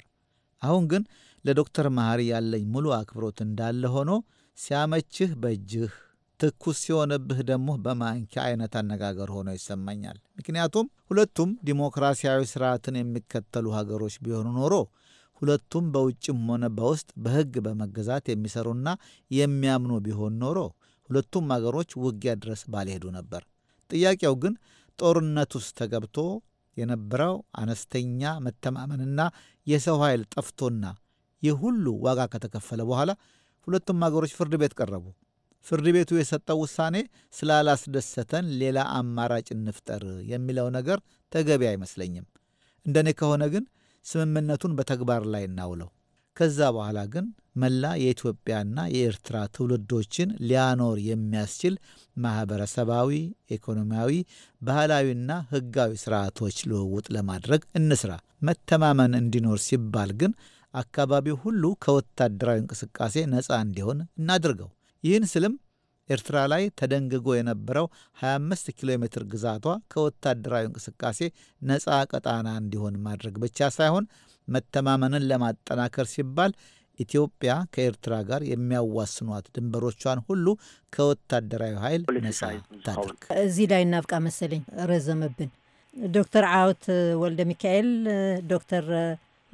አሁን ግን ለዶክተር መሐሪ ያለኝ ሙሉ አክብሮት እንዳለ ሆኖ ሲያመችህ በእጅህ ትኩስ ሲሆንብህ ደግሞ በማንኪያ አይነት አነጋገር ሆኖ ይሰማኛል። ምክንያቱም ሁለቱም ዲሞክራሲያዊ ስርዓትን የሚከተሉ ሀገሮች ቢሆኑ ኖሮ ሁለቱም በውጭም ሆነ በውስጥ በሕግ በመገዛት የሚሰሩና የሚያምኑ ቢሆን ኖሮ ሁለቱም አገሮች ውጊያ ድረስ ባልሄዱ ነበር። ጥያቄው ግን ጦርነት ውስጥ ተገብቶ የነበረው አነስተኛ መተማመንና የሰው ኃይል ጠፍቶና ይህ ሁሉ ዋጋ ከተከፈለ በኋላ ሁለቱም አገሮች ፍርድ ቤት ቀረቡ። ፍርድ ቤቱ የሰጠው ውሳኔ ስላላስደሰተን ሌላ አማራጭ እንፍጠር የሚለው ነገር ተገቢ አይመስለኝም። እንደኔ ከሆነ ግን ስምምነቱን በተግባር ላይ እናውለው ከዛ በኋላ ግን መላ የኢትዮጵያና የኤርትራ ትውልዶችን ሊያኖር የሚያስችል ማህበረሰባዊ፣ ኢኮኖሚያዊ፣ ባህላዊና ህጋዊ ስርዓቶች ልውውጥ ለማድረግ እንስራ። መተማመን እንዲኖር ሲባል ግን አካባቢው ሁሉ ከወታደራዊ እንቅስቃሴ ነፃ እንዲሆን እናድርገው። ይህን ስልም ኤርትራ ላይ ተደንግጎ የነበረው 25 ኪሎ ሜትር ግዛቷ ከወታደራዊ እንቅስቃሴ ነፃ ቀጣና እንዲሆን ማድረግ ብቻ ሳይሆን መተማመንን ለማጠናከር ሲባል ኢትዮጵያ ከኤርትራ ጋር የሚያዋስኗት ድንበሮቿን ሁሉ ከወታደራዊ ኃይል ነጻ ታድርግ። እዚህ ላይ እናብቃ መሰለኝ፣ ረዘመብን። ዶክተር ዓወት ወልደ ሚካኤል፣ ዶክተር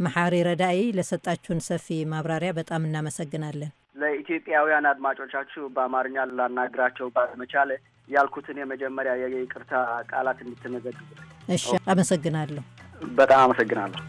መሐሪ ረዳኢ ለሰጣችሁን ሰፊ ማብራሪያ በጣም እናመሰግናለን። ለኢትዮጵያውያን አድማጮቻችሁ በአማርኛ ላናግራቸው ባለመቻል ያልኩትን የመጀመሪያ የይቅርታ ቃላት እንድትመዘግቡ። እሺ፣ አመሰግናለሁ። በጣም አመሰግናለሁ።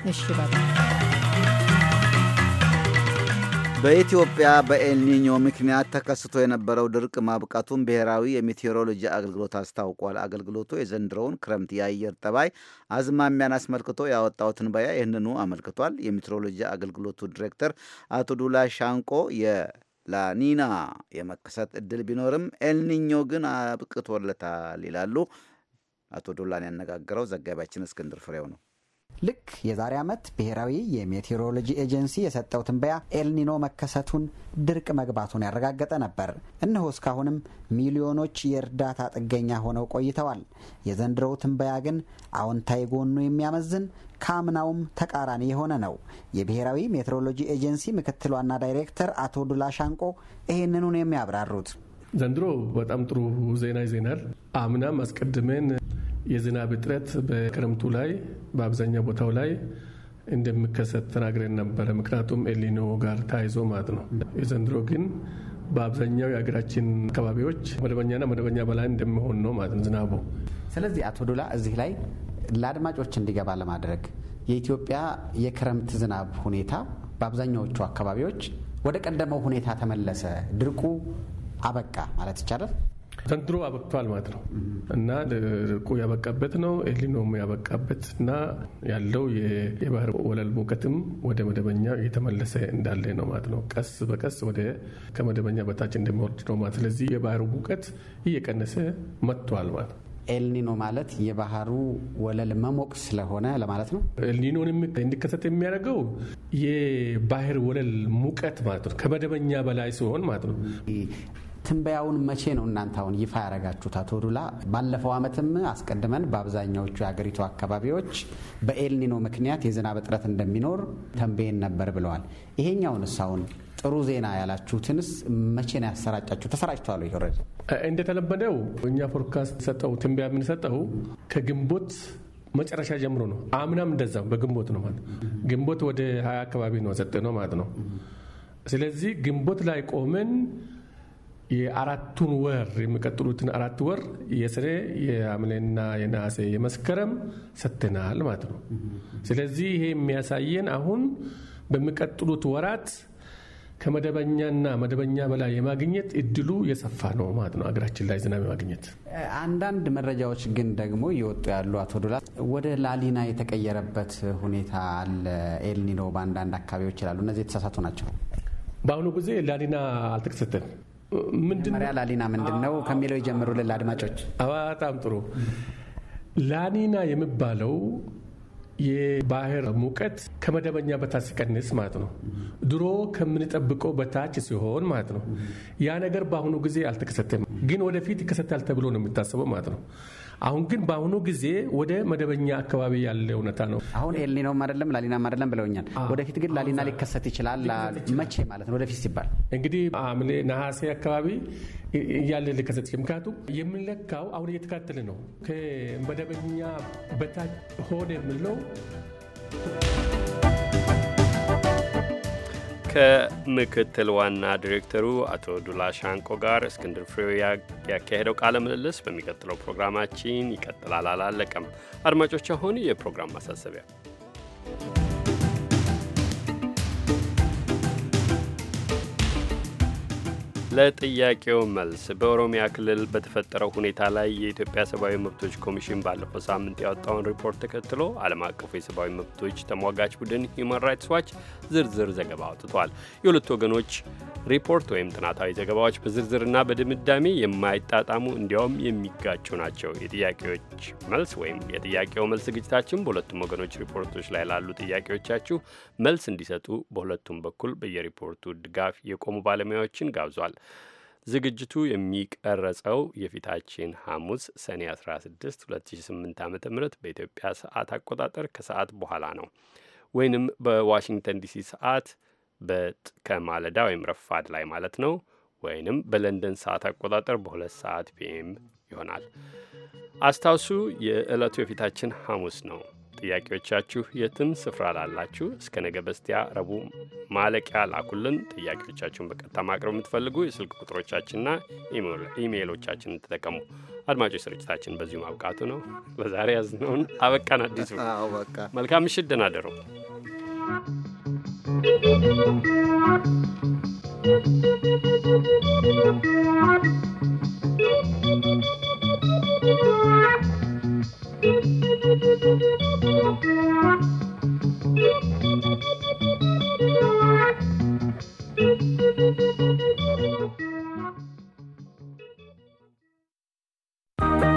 በኢትዮጵያ በኤልኒኞ ምክንያት ተከስቶ የነበረው ድርቅ ማብቃቱን ብሔራዊ የሜቴሮሎጂ አገልግሎት አስታውቋል። አገልግሎቱ የዘንድሮውን ክረምት የአየር ጠባይ አዝማሚያን አስመልክቶ ያወጣው ትንበያ ይህንኑ አመልክቷል። የሜቴሮሎጂ አገልግሎቱ ዲሬክተር አቶ ዱላ ሻንቆ የላኒና የመከሰት እድል ቢኖርም ኤልኒኞ ግን አብቅቶለታል ይላሉ። አቶ ዱላን ያነጋግረው ዘጋቢያችን እስክንድር ፍሬው ነው። ልክ የዛሬ ዓመት ብሔራዊ የሜቴሮሎጂ ኤጀንሲ የሰጠው ትንበያ ኤልኒኖ መከሰቱን፣ ድርቅ መግባቱን ያረጋገጠ ነበር። እነሆ እስካሁንም ሚሊዮኖች የእርዳታ ጥገኛ ሆነው ቆይተዋል። የዘንድሮው ትንበያ ግን አዎንታዊ ጎኑ የሚያመዝን ከአምናውም ተቃራኒ የሆነ ነው። የብሔራዊ ሜትሮሎጂ ኤጀንሲ ምክትል ዋና ዳይሬክተር አቶ ዱላ ሻንቆ ይህንኑን የሚያብራሩት ዘንድሮ በጣም ጥሩ ዜና ይዜናል። አምናም አስቀድመን የዝናብ እጥረት በክረምቱ ላይ በአብዛኛው ቦታው ላይ እንደሚከሰት ተናግረን ነበረ። ምክንያቱም ኤሊኖ ጋር ታይዞ ማለት ነው። የዘንድሮ ግን በአብዛኛው የሀገራችን አካባቢዎች መደበኛና መደበኛ በላይ እንደሚሆን ነው ማለት ነው ዝናቡ። ስለዚህ አቶ ዶላ እዚህ ላይ ለአድማጮች እንዲገባ ለማድረግ የኢትዮጵያ የክረምት ዝናብ ሁኔታ በአብዛኛዎቹ አካባቢዎች ወደ ቀደመው ሁኔታ ተመለሰ፣ ድርቁ አበቃ ማለት ይቻላል። ዘንድሮ አበቅቷል ማለት ነው እና ድርቁ ያበቃበት ነው። ኤሊኖም ያበቃበት እና ያለው የባህር ወለል ሙቀትም ወደ መደበኛ እየተመለሰ እንዳለ ነው ማለት ነው። ቀስ በቀስ ወደ ከመደበኛ በታች እንደሚወርድ ነው ማለት ስለዚህ የባህሩ ሙቀት እየቀነሰ መጥቷል ማለት ነው። ኤልኒኖ ማለት የባህሩ ወለል መሞቅ ስለሆነ ለማለት ነው። ኤልኒኖን እንዲከሰት የሚያደርገው የባህር ወለል ሙቀት ማለት ነው፣ ከመደበኛ በላይ ሲሆን ማለት ነው። ትንበያውን መቼ ነው እናንተ አሁን ይፋ ያደረጋችሁት? አቶ ዱላ፣ ባለፈው ዓመትም አስቀድመን በአብዛኛዎቹ የአገሪቱ አካባቢዎች በኤልኒኖ ምክንያት የዝናብ እጥረት እንደሚኖር ተንብየን ነበር ብለዋል። ይሄኛውንስ አሁን ጥሩ ዜና ያላችሁትንስ መቼ ነው ያሰራጫችሁ? ተሰራጭተዋል? ይወረድ እንደተለመደው እኛ ፎርካስት ሰጠው ትንበያ የምንሰጠው ከግንቦት መጨረሻ ጀምሮ ነው። አምናም እንደዛው በግንቦት ነው ማለት ግንቦት ወደ ሀያ አካባቢ ነው ሰጠ ነው ማለት ነው። ስለዚህ ግንቦት ላይ ቆምን የአራቱን ወር የሚቀጥሉትን አራት ወር የስሬ የሐምሌና የነሐሴ የመስከረም ሰጥተናል ማለት ነው። ስለዚህ ይሄ የሚያሳየን አሁን በሚቀጥሉት ወራት ከመደበኛና መደበኛ በላይ የማግኘት እድሉ የሰፋ ነው ማለት ነው። ሀገራችን ላይ ዝናብ የማግኘት አንዳንድ መረጃዎች ግን ደግሞ እየወጡ ያሉ አቶ ዶላ ወደ ላሊና የተቀየረበት ሁኔታ አለ። ኤልኒኖ በአንዳንድ አካባቢዎች ይላሉ። እነዚህ የተሳሳቱ ናቸው። በአሁኑ ጊዜ ላሊና አልተከሰተም። መጀመሪያ ላሊና ምንድን ነው ከሚለው የጀምሩ ልል አድማጮች። በጣም ጥሩ። ላኒና የሚባለው የባህር ሙቀት ከመደበኛ በታች ሲቀንስ ማለት ነው። ድሮ ከምንጠብቀው በታች ሲሆን ማለት ነው። ያ ነገር በአሁኑ ጊዜ አልተከሰተም፣ ግን ወደፊት ይከሰታል ተብሎ ነው የሚታሰበው ማለት ነው። አሁን ግን በአሁኑ ጊዜ ወደ መደበኛ አካባቢ ያለ እውነታ ነው። አሁን ኤልኒኖም አይደለም ላሊና አይደለም ብለውኛል። ወደፊት ግን ላሊና ሊከሰት ይችላል። መቼ ማለት ነው? ወደፊት ሲባል እንግዲህ ሐምሌ ነሐሴ አካባቢ እያለ ሊከሰት ምክንያቱ ምክንያቱም የምንለካው አሁን እየተካተለ ነው። ከመደበኛ በታች ሆነ የምንለው ከምክትል ዋና ዲሬክተሩ አቶ ዱላ ሻንቆ ጋር እስክንድር ፍሬው ያካሄደው ቃለ ምልልስ በሚቀጥለው ፕሮግራማችን ይቀጥላል። አላለቀም። አድማጮች፣ አሁን የፕሮግራም ማሳሰቢያ ለጥያቄው መልስ በኦሮሚያ ክልል በተፈጠረው ሁኔታ ላይ የኢትዮጵያ ሰብአዊ መብቶች ኮሚሽን ባለፈው ሳምንት ያወጣውን ሪፖርት ተከትሎ ዓለም አቀፉ የሰብአዊ መብቶች ተሟጋች ቡድን ሂውማን ራይትስ ዋች ዝርዝር ዘገባ አውጥቷል። የሁለቱ ወገኖች ሪፖርት ወይም ጥናታዊ ዘገባዎች በዝርዝርና በድምዳሜ የማይጣጣሙ እንዲያውም የሚጋጩ ናቸው። የጥያቄዎች መልስ ወይም የጥያቄው መልስ ዝግጅታችን በሁለቱም ወገኖች ሪፖርቶች ላይ ላሉ ጥያቄዎቻችሁ መልስ እንዲሰጡ በሁለቱም በኩል በየሪፖርቱ ድጋፍ የቆሙ ባለሙያዎችን ጋብዟል። ዝግጅቱ የሚቀረጸው የፊታችን ሐሙስ ሰኔ 16 2008 ዓ ም በኢትዮጵያ ሰዓት አቆጣጠር ከሰዓት በኋላ ነው ወይንም በዋሽንግተን ዲሲ ሰዓት ከማለዳ ወይም ረፋድ ላይ ማለት ነው ወይንም በለንደን ሰዓት አቆጣጠር በሁለት ሰዓት ፒኤም ይሆናል። አስታውሱ፣ የዕለቱ የፊታችን ሐሙስ ነው። ጥያቄዎቻችሁ የትም ስፍራ ላላችሁ እስከ ነገ በስቲያ ረቡዕ ማለቂያ ላኩልን። ጥያቄዎቻችሁን በቀጥታ ማቅረብ የምትፈልጉ የስልክ ቁጥሮቻችንና ኢሜይሎቻችንን ተጠቀሙ። አድማጮች፣ ስርጭታችን በዚሁ ማብቃቱ ነው። በዛሬ ያዝነውን አበቃን። አዲሱ መልካም ምሽት፣ ደህና ደሩ። Thank you. Thank you.